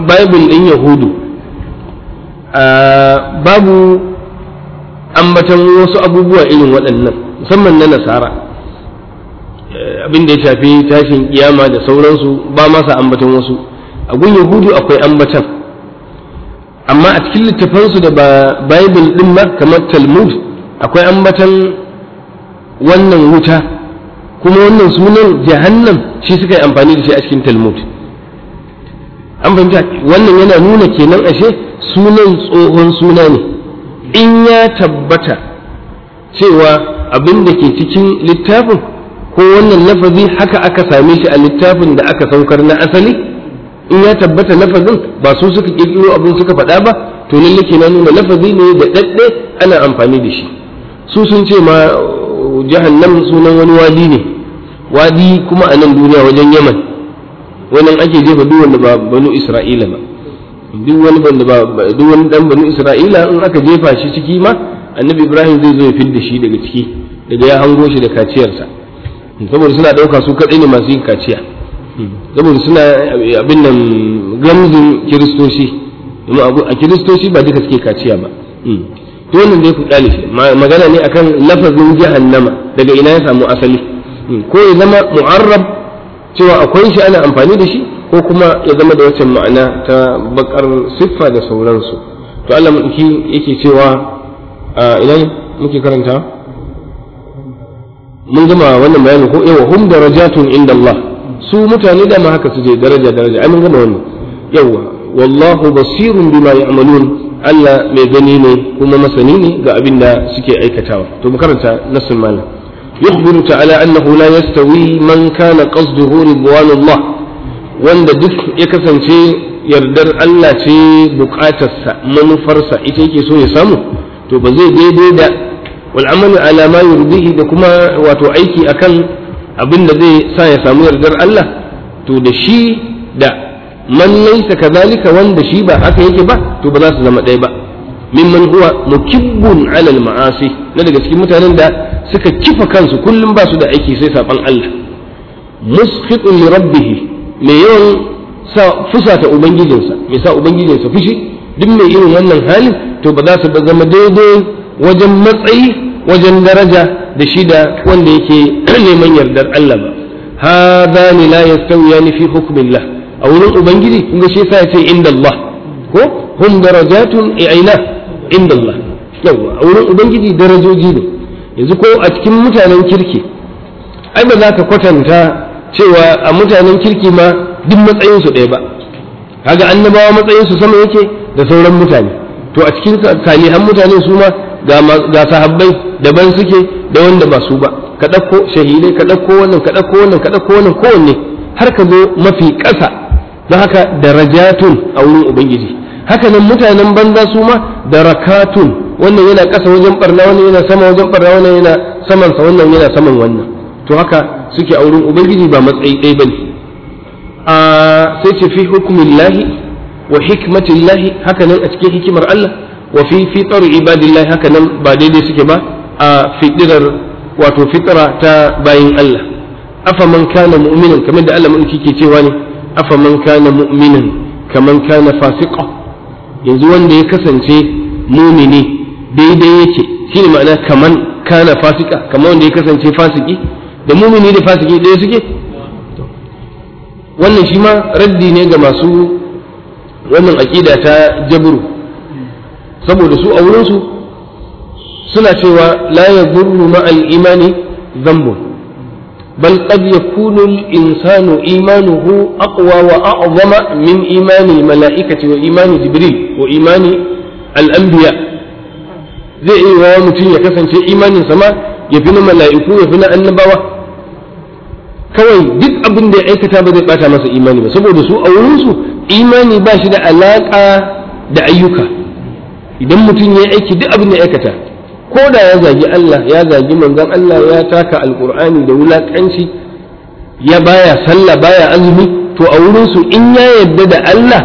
bible din yahudu uh, babu ambatan wasu abubuwa irin waɗannan musamman na nasara abin da ya shafi tashin kiyama da sauransu ba ma sa ambaton wasu a gun yahudu akwai ambatan amma a cikin littafansu da bible din ma kamar talmud akwai ambatan wannan wuta kuma wannan sunan jahannam shi suka yi amfani da shi a cikin talmud an fahimta wannan yana nuna kenan ashe sunan tsohon suna ne in ya tabbata cewa abin da ke cikin littafin ko wannan lafazi haka aka same shi a littafin da aka saukar na asali in ya tabbata lafazin ba su suka kirkiro abin suka faɗa ba to lalle ke nuna lafazi ne da ɗaɗɗe ana amfani da shi su sun ce ma jahannam sunan wani wadi ne wadi kuma a nan duniya wajen yaman wannan ake jefa duk wanda ba banu isra'ila ba duk wani banda ba duk wani dan banu isra'ila in aka jefa shi ciki ma annabi ibrahim zai zo ya fidda shi daga ciki daga ya hango shi da kaciyarsa saboda suna ɗauka su kaɗai ne masu yin kaciya saboda suna eh, abin nan gamzin kiristoci a kiristoci ba duka suke kaciya ba hmm. to wannan dai ku kyale shi magana ne akan lafazin jahannama daga ina ya samu asali hmm. ko ya zama mu'arrab cewa akwai shi ana amfani da shi ko kuma ya zama da wacce ma'ana ta bakar siffa da sauransu to Allah mulki yake cewa ina muke karanta mun gama wannan bayani ko yawa hum darajatun inda Allah su mutane da ma haka suje daraja daraja ai mun gama wannan yawa wallahu basirun bima ya'malun Allah mai gani ne kuma masani ne ga abin da suke aikatawa to mu karanta nasul malam yukhbiru ta'ala annahu la yastawi man kana qasduhu ridwanullah wanda duk ya kasance yardar Allah ce bukatarsa manufarsa ita yake so ya samu to ba zai daidai da wal alama ala da kuma wato aiki akan abin da zai sa ya samu yardar Allah to da shi da man laysa wanda shi ba haka yake ba to ba za su zama ɗaya ba mimman huwa mukibbun alal ma'asi na daga cikin mutanen da suka kifa kansu kullum ba su da aiki sai saban Allah muskhitun li me yawan sa fusata ubangijinsa me sa ubangijinsa fushi duk mai irin wannan halin to ba za su zama daidai wajen matsayi wajen daraja da shida da wanda yake neman yardar Allah ba hadani la yastawiyani fi la a wurin ubangiji kun shi ya ce inda Allah ko hum darajatun i'ina inda Allah yawa a wurin ubangiji darajoji ne yanzu ko a cikin mutanen kirki ai ba za ka kwatanta cewa a mutanen kirki ma duk matsayinsu su ɗaya ba kaga annabawa matsayinsu su sama yake da sauran mutane to a cikin salihan mutane su ma ga sahabbai daban suke da wanda ba su ba ka ɗauko shahidai ka ɗauko wannan ka ɗauko wannan ka ɗauko wannan kowanne har ka zo mafi ƙasa don haka darajatun a wurin ubangiji haka nan mutanen banza su ma darakatun wannan yana ƙasa wajen barna wannan yana sama wajen barna wannan yana saman sa wannan yana saman wannan to haka suke a wurin ubangiji ba matsayi ɗaya bane a sai ce fi hukumillahi wa hikmatillahi haka nan a cikin hikimar Allah wa fi fitaru ibadillahi haka nan ba daidai suke ba a fitirar wato fitara ta bayin Allah afa man kana mu'minan kamar da Allah mulki ke cewa ne afa man kana mu'minan kaman kana fasiqa yanzu wanda ya kasance mumini daidai yake shine ma'ana kaman kana fasika kamar wanda ya kasance fasiki da mumini da fasiki ɗaya suke wannan shi ma raddi ne ga masu wannan aƙida ta jabru saboda su a wurinsu suna cewa la ya gurru ma'al imani bal qad yakunu al-insanu imanuhu aqwa wa a'zama min imani mala'ikati wa imani jibril wa imani al-anbiya zai iya wa mutum ya kasance imanin sama ya fi na mala'iku ya fi na annabawa kawai duk abin da ya aikata ba zai bata masa imani ba saboda su a wurinsu imani ba shi da alaƙa da ayyuka idan mutum ya yi aiki duk abin da ya aikata ko da ya zagi Allah ya zagi manzon Allah ya taka alqur'ani da wulakanci ya baya sallah baya azumi to a wurin su in ya yadda da Allah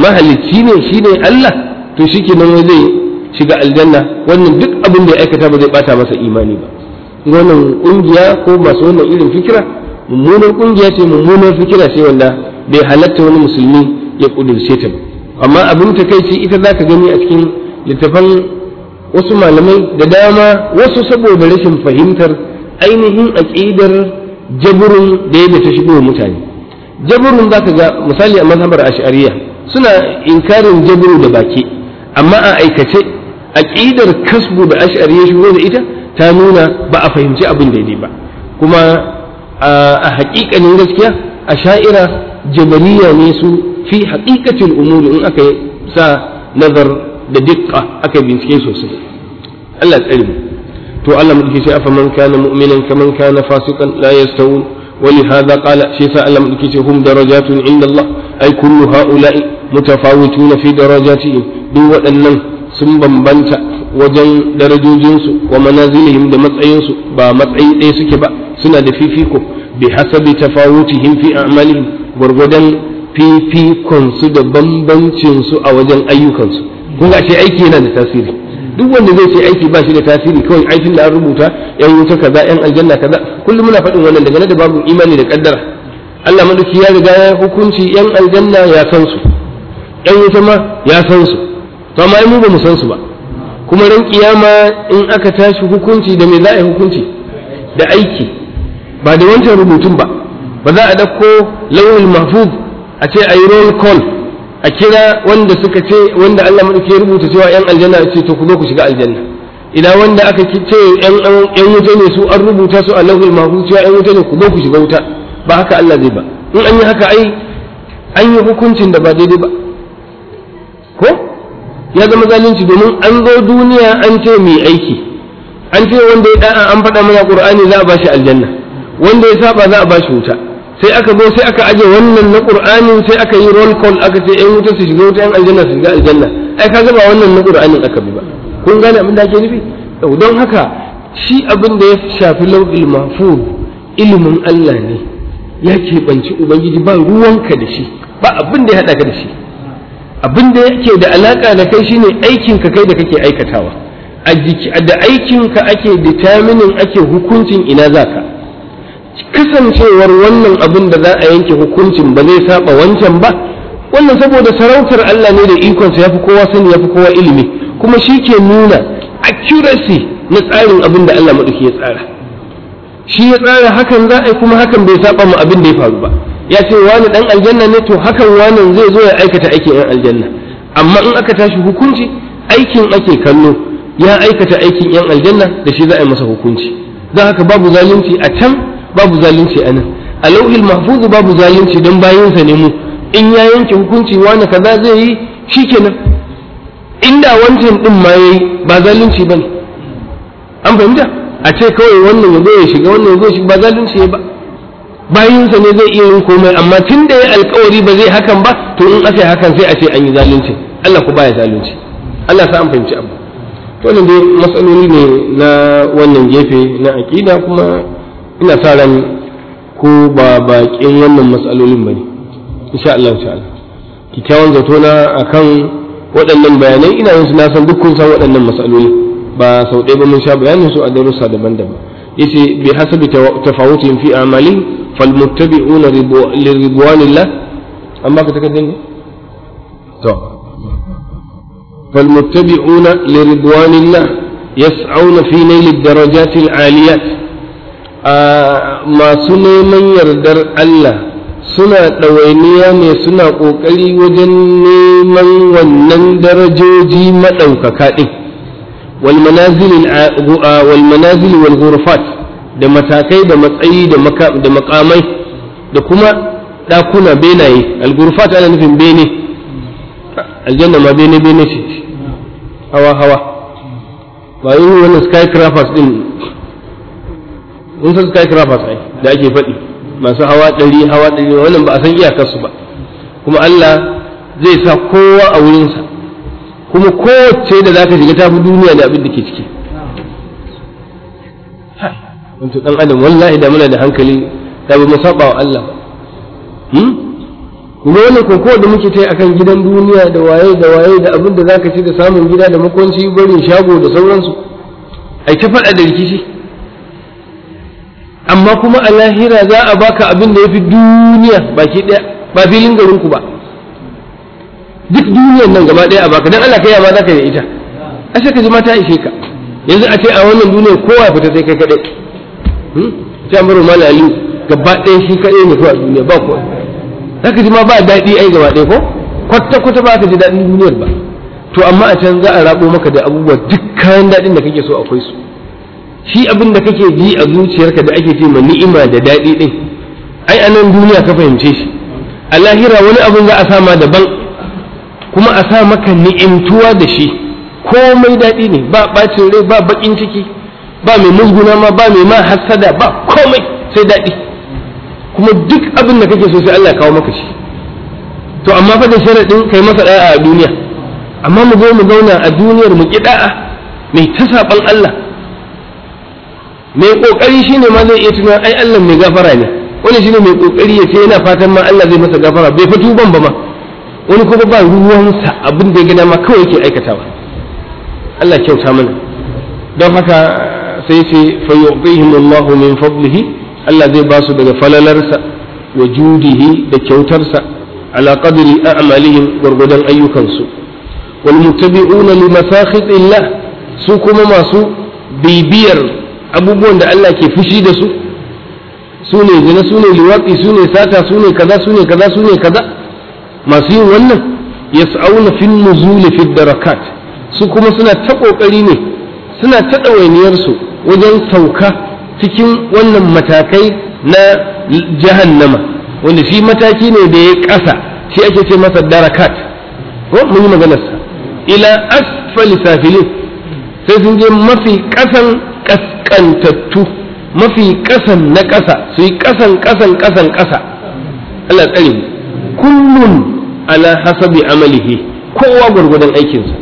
mahalicci ne shine Allah to shikenan zai shiga aljanna wannan duk abin da ya aikata ba zai bata masa imani ba wannan kungiya ko masu wannan irin fikira mummunar kungiya ce mummunar fikira ce wanda bai halatta wani musulmi ya kudurce ta ba amma abin takaici ita za ka gani a cikin littafan wasu malamai da dama wasu saboda rashin fahimtar ainihin aƙidar jaburin da yadda ta shigo wa mutane jaburin za ka ga misali a mazhabar ash'ariya suna inkarin jaburu da baki amma a aikace aƙidar kasbu da ash'ariya shigo da ita ta nuna ba a fahimci abin daidai ba kuma a hakikanin gaskiya a sha'ira jabariya ne su في حقيقة الأمور إن أكي سا نظر بدقة أكي بنسكي سوسي ألا تعلم تعلم الكيسي فمن كان مؤمنا كمن كان فاسقا لا يستوون ولهذا قال شيخ ألم الكيسي هم درجات عند الله أي كل هؤلاء متفاوتون في درجاتهم بوأن سمبا بنت وجن درجو جنس ومنازلهم دمتعين با متعي إيسك با سنة فيكم بحسب تفاوتهم في أعمالهم ورغدا fifikonsu da bambancinsu a wajen ayyukansu kun ga ce aiki yana da tasiri duk wanda zai ce aiki ba shi da tasiri kawai aikin da an rubuta yan wuta kaza yan aljanna kaza kullum muna faɗin wannan daga da babu imani da kaddara Allah madauki ya riga ya hukunci yan aljanna ya san su yan wuta ma ya san su to amma mu ba mu san su ba kuma ran kiyama in aka tashi hukunci da me za a hukunci da aiki ba da wancan rubutun ba ba za a dauko lawul mahfuz a ce a yi roll call a kira wanda suka ce wanda Allah madauki ke rubuta cewa yan aljanna a ce to ku zo ku shiga aljanna ila wanda aka ce yan wuta ne su an rubuta su a lahul mahfuz cewa yan wuta ne ku zo ku shiga wuta ba haka Allah zai ba in an yi haka ai an yi hukuncin da ba daidai ba ko ya zama zalunci domin an zo duniya an ce mai aiki an ce wanda ya da'a an faɗa mana qur'ani za a bashi aljanna wanda ya saba za a bashi wuta sai aka zo sai aka aje wannan na qur'anin sai aka yi roll call aka ce ɗan wuta su shiga wuta ɗan aljanna su shiga aljanna ai ka ba wannan na qur'anin aka bi ba kun gane abin da ake nufi don haka shi abin da ya shafi lawil mahfuz ilimin Allah ne ya keɓanci ubangiji ba ruwanka da shi ba abin da ya haɗa ka da shi abin da yake da alaƙa da kai shine aikin ka kai da kake aikatawa a jiki da aikin ka ake determining ake hukuncin ina zaka kasancewar wannan abin da za a yanke hukuncin ba zai saba wancan ba wannan saboda sarautar Allah ne da ikonsa yafi kowa sani yafi kowa ilimi kuma shi ke nuna accuracy na tsarin abin da Allah maɗauki ya tsara shi ya tsara hakan za a yi kuma hakan bai saba mu abin da ya faru ba ya ce wani dan aljanna ne to hakan wani zai zo ya aikata aikin yan aljanna amma in aka tashi hukunci aikin ake kallo ya aikata aikin yan aljanna da shi za a yi masa hukunci don haka babu zalunci a can babu zalunci a nan a lauhil mahfuzu babu zalunci don bayansa ne mu in ya yanke hukunci wani kaza zai yi shikenan inda wancan din ma yayi ba zalunci bane an fahimta a ce kawai wannan yazo ya shiga wannan yazo shiga ba zalunci ba bayansa ne zai iya yin komai amma tun da ya alkawari ba zai hakan ba to in aka yi hakan sai a ce an yi zalunci Allah ku baya zalunci Allah sa an fahimci abu to ne dai matsaloli ne na wannan gefe na aƙida kuma ina sa ran ko ba bakin wannan matsalolin ba ne insha Allah ta'ala kikkiawan zato na akan waɗannan bayanai ina yin su na san dukkan san waɗannan matsaloli ba sau ɗaya ba mun sha bayanin su a darussa daban-daban yace bi hasabi tafawutin fi amalin fal muttabi'una li ridwanillah an baka takardar ne to fal muttabi'una li yas'auna fi nail ad aliyat A masu neman yardar Allah suna ɗawainiya ne suna ƙoƙari wajen neman wannan darajoji maɗaukaka ɗin walmanazili walhurfat da matakai da matsayi da makamai da kuma ɗakuna benaye algurfat ana nufin bene aljanna ma bene bene ce hawa hawa ba yi wannan skycrafers ɗin mun san kira fasai da ake faɗi masu hawa ɗari hawa ɗari wannan ba a san iyakarsu ba kuma Allah zai sa kowa a wurinsa kuma kowace da za ka shiga fi duniya da abin da ke ciki wato dan adam wallahi da muna da hankali da ba mu saba wa Allah hmm? kuma wannan koko da muke ta akan gidan duniya da waye da waye da abin da zaka ci da samun gida da makonci barin shago da sauransu ai ta faɗa da rikici amma kuma a lahira za a baka abin da ya fi duniya baki ɗaya ba filin ku ba duk duniyan nan gaba ɗaya a baka don Allah kai ba za ka yi ita a sai ka ji mata ishe ka yanzu a ce a wannan duniyar kowa fita sai kai kaɗai hmm? sai amuru ali gaba ɗaya shi kaɗai ne a duniya ba ko za ka ji ma ba daɗi ai gaba ɗaya ko kwata-kwata ba ka ji daɗin duniyar ba to amma a can za a rabo maka da abubuwa duk kayan daɗin da kake so akwai su shi abin da kake ji a zuciyarka da ake ce ma ni'ima da daɗi ɗin ai a nan duniya ka fahimce shi a lahira wani abin za a sa ma daban kuma a sa maka ni'imtuwa da shi komai daɗi ne ba ɓacin rai ba baƙin ciki ba mai musguna ma ba mai ma hassada ba komai sai daɗi kuma duk abin da kake so sai Allah kawo maka shi to amma fa da sharaɗin kai masa ɗaya a duniya amma mu zo mu zauna a duniyar mu kida'a mai ta saɓan Allah mai kokari shine ma zai iya tunawa ai Allah mai gafara ne wani shine mai kokari ya ce yana fatan ma Allah zai masa gafara bai fito ban ba ma wani kuma ba ruwansa abin da ya gina ma kawai yake aikatawa Allah kyauta mana don haka sai ce fa yu'tihim Allah min fadlihi Allah zai ba su daga falalarsa wa judihi da kyautarsa ala qadri a'malihim gurgudan ayyukansu wal mutabi'una li illah su kuma masu bibiyar abubuwan da Allah ke fushi da su su ne zina su ne liwaƙi su ne sata su ne kaza su ne kaza su ne kaza masu yin wannan yas'auna fil nuzuli fid darakat su kuma suna ta ƙoƙari ne suna ta ɗawainiyar wajen sauka cikin wannan matakai na jahannama wanda shi mataki ne da ya ƙasa shi ake ce masa darakat ko mun yi maganarsa ila asfali safilin sai sun je mafi ƙasan ƙasa Ƙantattu mafi ƙasan na ƙasa su yi ƙasan ƙasan ƙasan ƙasa Allah kullum ala hasabi amalihi kowa gwargwadon aikinsa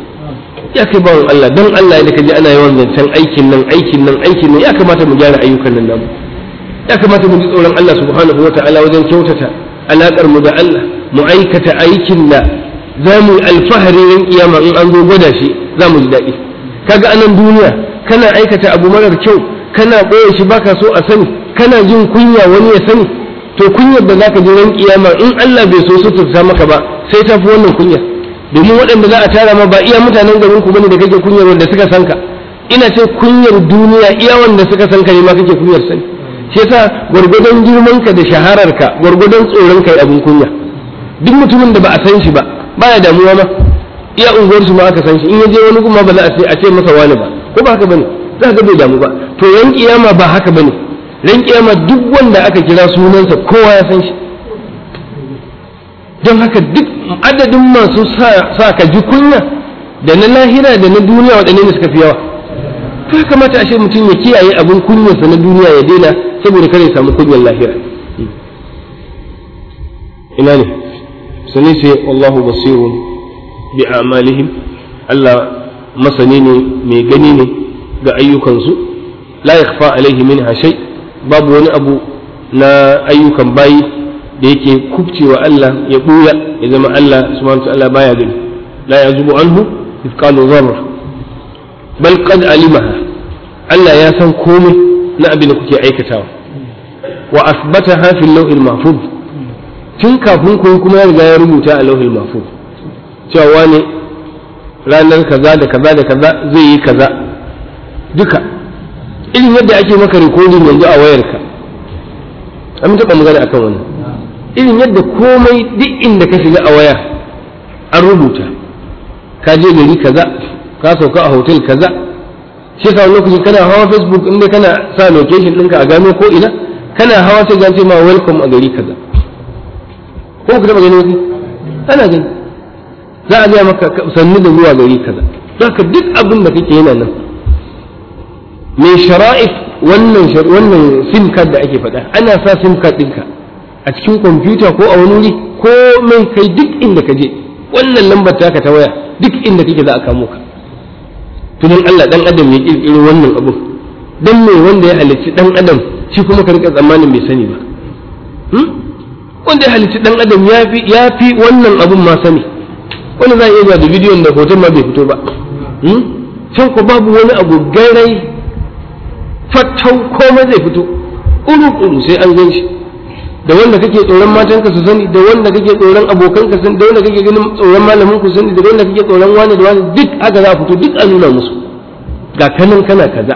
ya kai bawan Allah don Allah da kaji ana yawan zancen aikin nan aikin nan aikin nan ya kamata mu gyara ayyukan nan namu ya kamata mu ji tsoron Allah subhanahu wa ta'ala wajen kyautata alaƙar mu da Allah mu aikata aikin da za mu alfahari ran kiyama in an zo gwada shi za mu ji daɗi kaga anan duniya kana aikata abu marar kyau kana ɓoye shi baka so a sani kana jin kunya wani ya sani to kunyar da zaka ji ran kiyama in Allah bai so suturta maka ba sai ta fi wannan kunya domin waɗanda za a tara ma ba iya mutanen garin ku bane da kake kunyar wanda suka san ka ina ce kunyar duniya iya wanda suka san ka ne ma kake kunyar sani shi yasa gwargwadon girman ka da shaharar ka gwargwadon tsoron kai abin kunya duk mutumin da ba a san shi ba baya damuwa ma iya unguwar su ma aka san shi in ya je wani kuma ba za a ce masa wani ba ko ba haka bane za ka bai damu ba to ran kiyama ba haka bane ran kiyama duk wanda aka kira sunansa kowa ya san shi don haka duk adadin masu sa ka ji kunya da na lahira da na duniya waɗanne ne suka fi yawa ka kamata ashe mutum ya kiyaye abin kunyarsa na duniya ya daina saboda kare ya samu kunyar lahira ina ne sani sai wallahu basirun bi amalihim Allah masani ne mai gani ne ga ayyukansu la kafa alaihi min hashai babu wani abu na ayyukan bayi da yake kubcewa Allah ya buya ya zama Allah subhanahu Allah baya gani la zubo anhu ifqalu dharra bal qad alimaha Allah ya san komai na abin da kuke aikatawa wa asbataha fil lawhil mahfuz tun kafin ku kuma ya riga ya rubuta a lawhil mahfuz cewa ne ranar kaza da kaza da kaza zai yi kaza duka irin yadda ake maka rikodin yanzu a wayarka an taɓa magana akan wannan irin yadda komai duk inda ka shiga a waya an rubuta ka je gari kaza ka sauka a hotel kaza shi sa lokacin kana hawa facebook inda kana sa location ɗinka a gano ko ina kana hawa sai ce ma welcome a gari kaza ko ku taɓa gani wasu ana gani za a gaya maka sannu da zuwa gari kaza zaka duk abin da kake yana nan mai shara'if wannan wannan sim card da ake faɗa ana sa sim card ɗinka a cikin kwamfuta ko a wani wuri ko mai kai duk inda ka je wannan lambar taka ta waya duk inda kake za a kamo ka tunan Allah dan adam ya kirkiro wannan abu dan mai wanda ya halicci dan adam shi kuma ka rika tsammanin bai sani ba hmm? wanda ya halicci dan adam ya fi wannan abun ma sani wani za a iya da bidiyon da hoton ma bai fito ba hmm? can ko babu wani abu gairai fattau komai zai fito ƙuru-ƙuru sai an gan shi da wanda kake tsoron matanka su sani da wanda kake tsoron abokanka sani da wanda kake ganin tsoron malamin ku sani da wanda kake tsoron wani da wani duk aka za a fito duk a nuna musu ga kanin kana kaza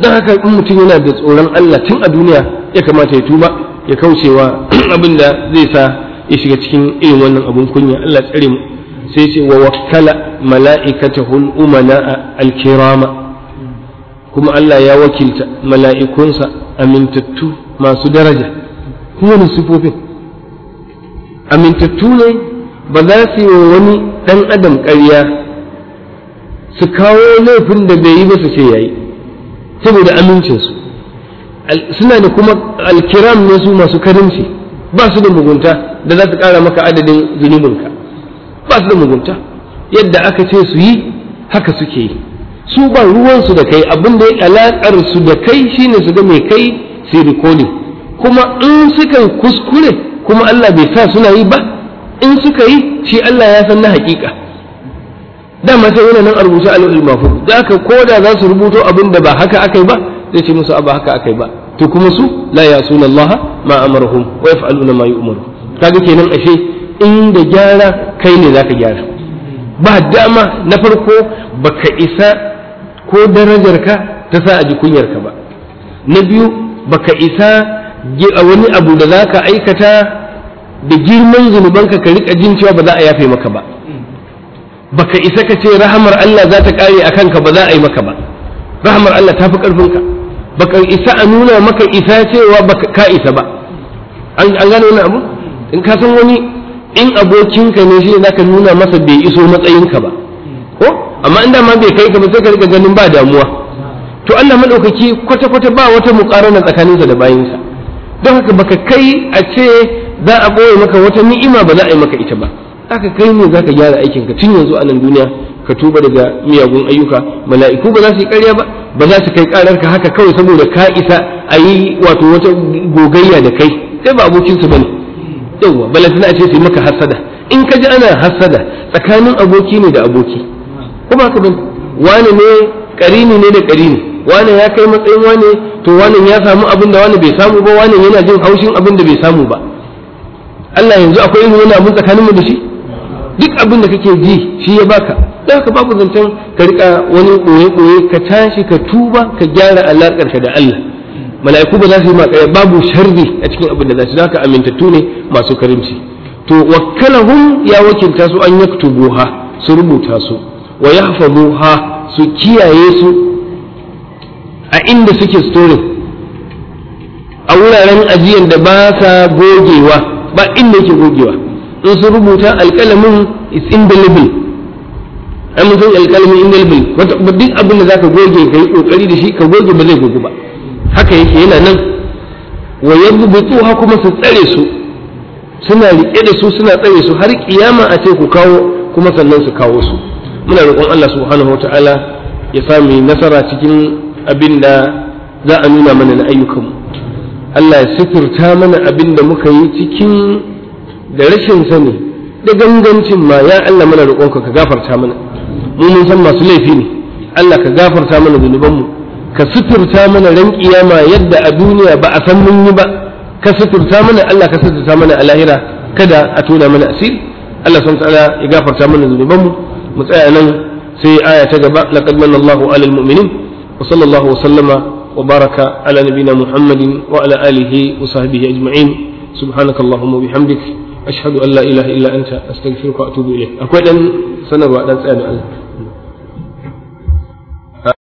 don haka in mutum yana da tsoron Allah tun a duniya ya kamata ya tuba ya kaucewa abin da zai sa ya shiga cikin irin wannan abun kunya Allah tsare mu sai ce wa wakkala mala'ikatahul umana al-kirama kuma Allah ya wakilta mala'ikunsa amintattu masu daraja Kuma ne sufofin amintattu ne ba za su yi wa wani ɗan adam ƙarya su kawo laifin da bai yi ba su ce yayi saboda amincinsu suna da kuma alkiram ne su masu karimci ba su da mugunta da za su ƙara maka adadin zunubinka ba su da mugunta yadda aka ce su yi haka suke yi su ba ruwansu da kai abin da ya alaƙar su da kai shine su ga mai kai sirikoli kuma in suka kuskure kuma Allah bai sa suna yi ba in suka yi shi Allah ya san na hakika dama sai yana nan a rubuta al'ul mafud da aka koda za su rubuto abin da ba haka akai ba zai ce musu ba haka yi ba to kuma su la ya Allah ma amarhum wa yaf'aluna ma yu'maru kaga kenan ashe inda gyara kai ne zaka gyara ba dama na farko baka isa ko darajarka ta sa a ji kunyarka ba na biyu baka isa wani abu da zaka aikata da girman zunubanka ka rika jin cewa ba za a yafe maka ba baka isa ka ce rahamar Allah za ta kare a kanka ba za a yi maka ba rahamar Allah ta fi ƙarfinka baka isa a nuna maka isa cewa baka ka isa ba an gane wani abu in ka san wani in abokinka ne shi ne zaka nuna masa bai iso matsayinka ba ko amma in ma bai kai ka ba sai ka rika ganin ba damuwa to Allah madaukaki kwata kwata ba wata muqarana tsakaninsa da bayinsa don haka baka kai a ce za a boye maka wata ni'ima ba za a yi maka ita ba aka kai ne zaka gyara aikin ka tun yanzu a nan duniya ka tuba daga miyagun ayyuka mala'iku ba za su yi ƙarya ba ba za su kai ƙarar ka haka kawai saboda ka isa a yi wato wata gogayya da kai sai ba abokinsu ba ne yawwa balantana a ce sai maka hasada in ka ji ana hasada tsakanin aboki ne da aboki ba ka bin wani ne karini ne da karini wani ya kai matsayin wani to wani ya samu abin da wani bai samu ba wani yana jin haushin abin da bai samu ba Allah yanzu akwai irin wani abin tsakanin mu da shi duk abin da kake ji shi ya baka dan ka babu zancen ka rika wani koye koye ka tashi ka tuba ka gyara alaƙar ka da Allah mala'iku ba za su yi ma babu sharri a cikin abin da za su zaka amintattu ne masu karimci to wakkalahum ya wakilta su an yaktubuha su rubuta su wa yahfazuha su kiyaye su a inda suke storin a wuraren ajiyan da ba sa gogewa ba inda yake gogewa in sun rubuta alƙalamin is indelible an mutum alƙalamin indelible duk abin da za ka goge ka yi da shi ka goge ba zai gogu ba haka yake yana nan wa yadbutuha kuma su tsare su suna rike da su suna tsare su har kiyama a ce ku kawo kuma sannan su kawo su muna roƙon Allah subhanahu wataala ya sami nasara cikin abin da za a nuna mana na ayyukanmu Allah ya sifirta mana abin da muka yi cikin da rashin sani da gangancin ma ya Allah muna roƙonka ka gafarta mana mu mun san masu laifi ne Allah ka gafarta mana zunubanmu ka suturta mana ran kiyama yadda a duniya ba a san mun yi ba ka suturta mana Allah ka suturta mana a lahira kada a tona mana asiri Allah sun tsara ya gafarta mana zunuban mu mu tsaya nan sai aya ta gaba laqad manna Allahu 'alal mu'minin wa sallallahu wa sallama wa baraka ala nabina Muhammadin wa ala alihi wa sahbihi ajma'in subhanakallahumma wa bihamdik ashhadu an la ilaha illa anta astaghfiruka wa atubu ilayk akwai dan sanarwa dan tsaya da Allah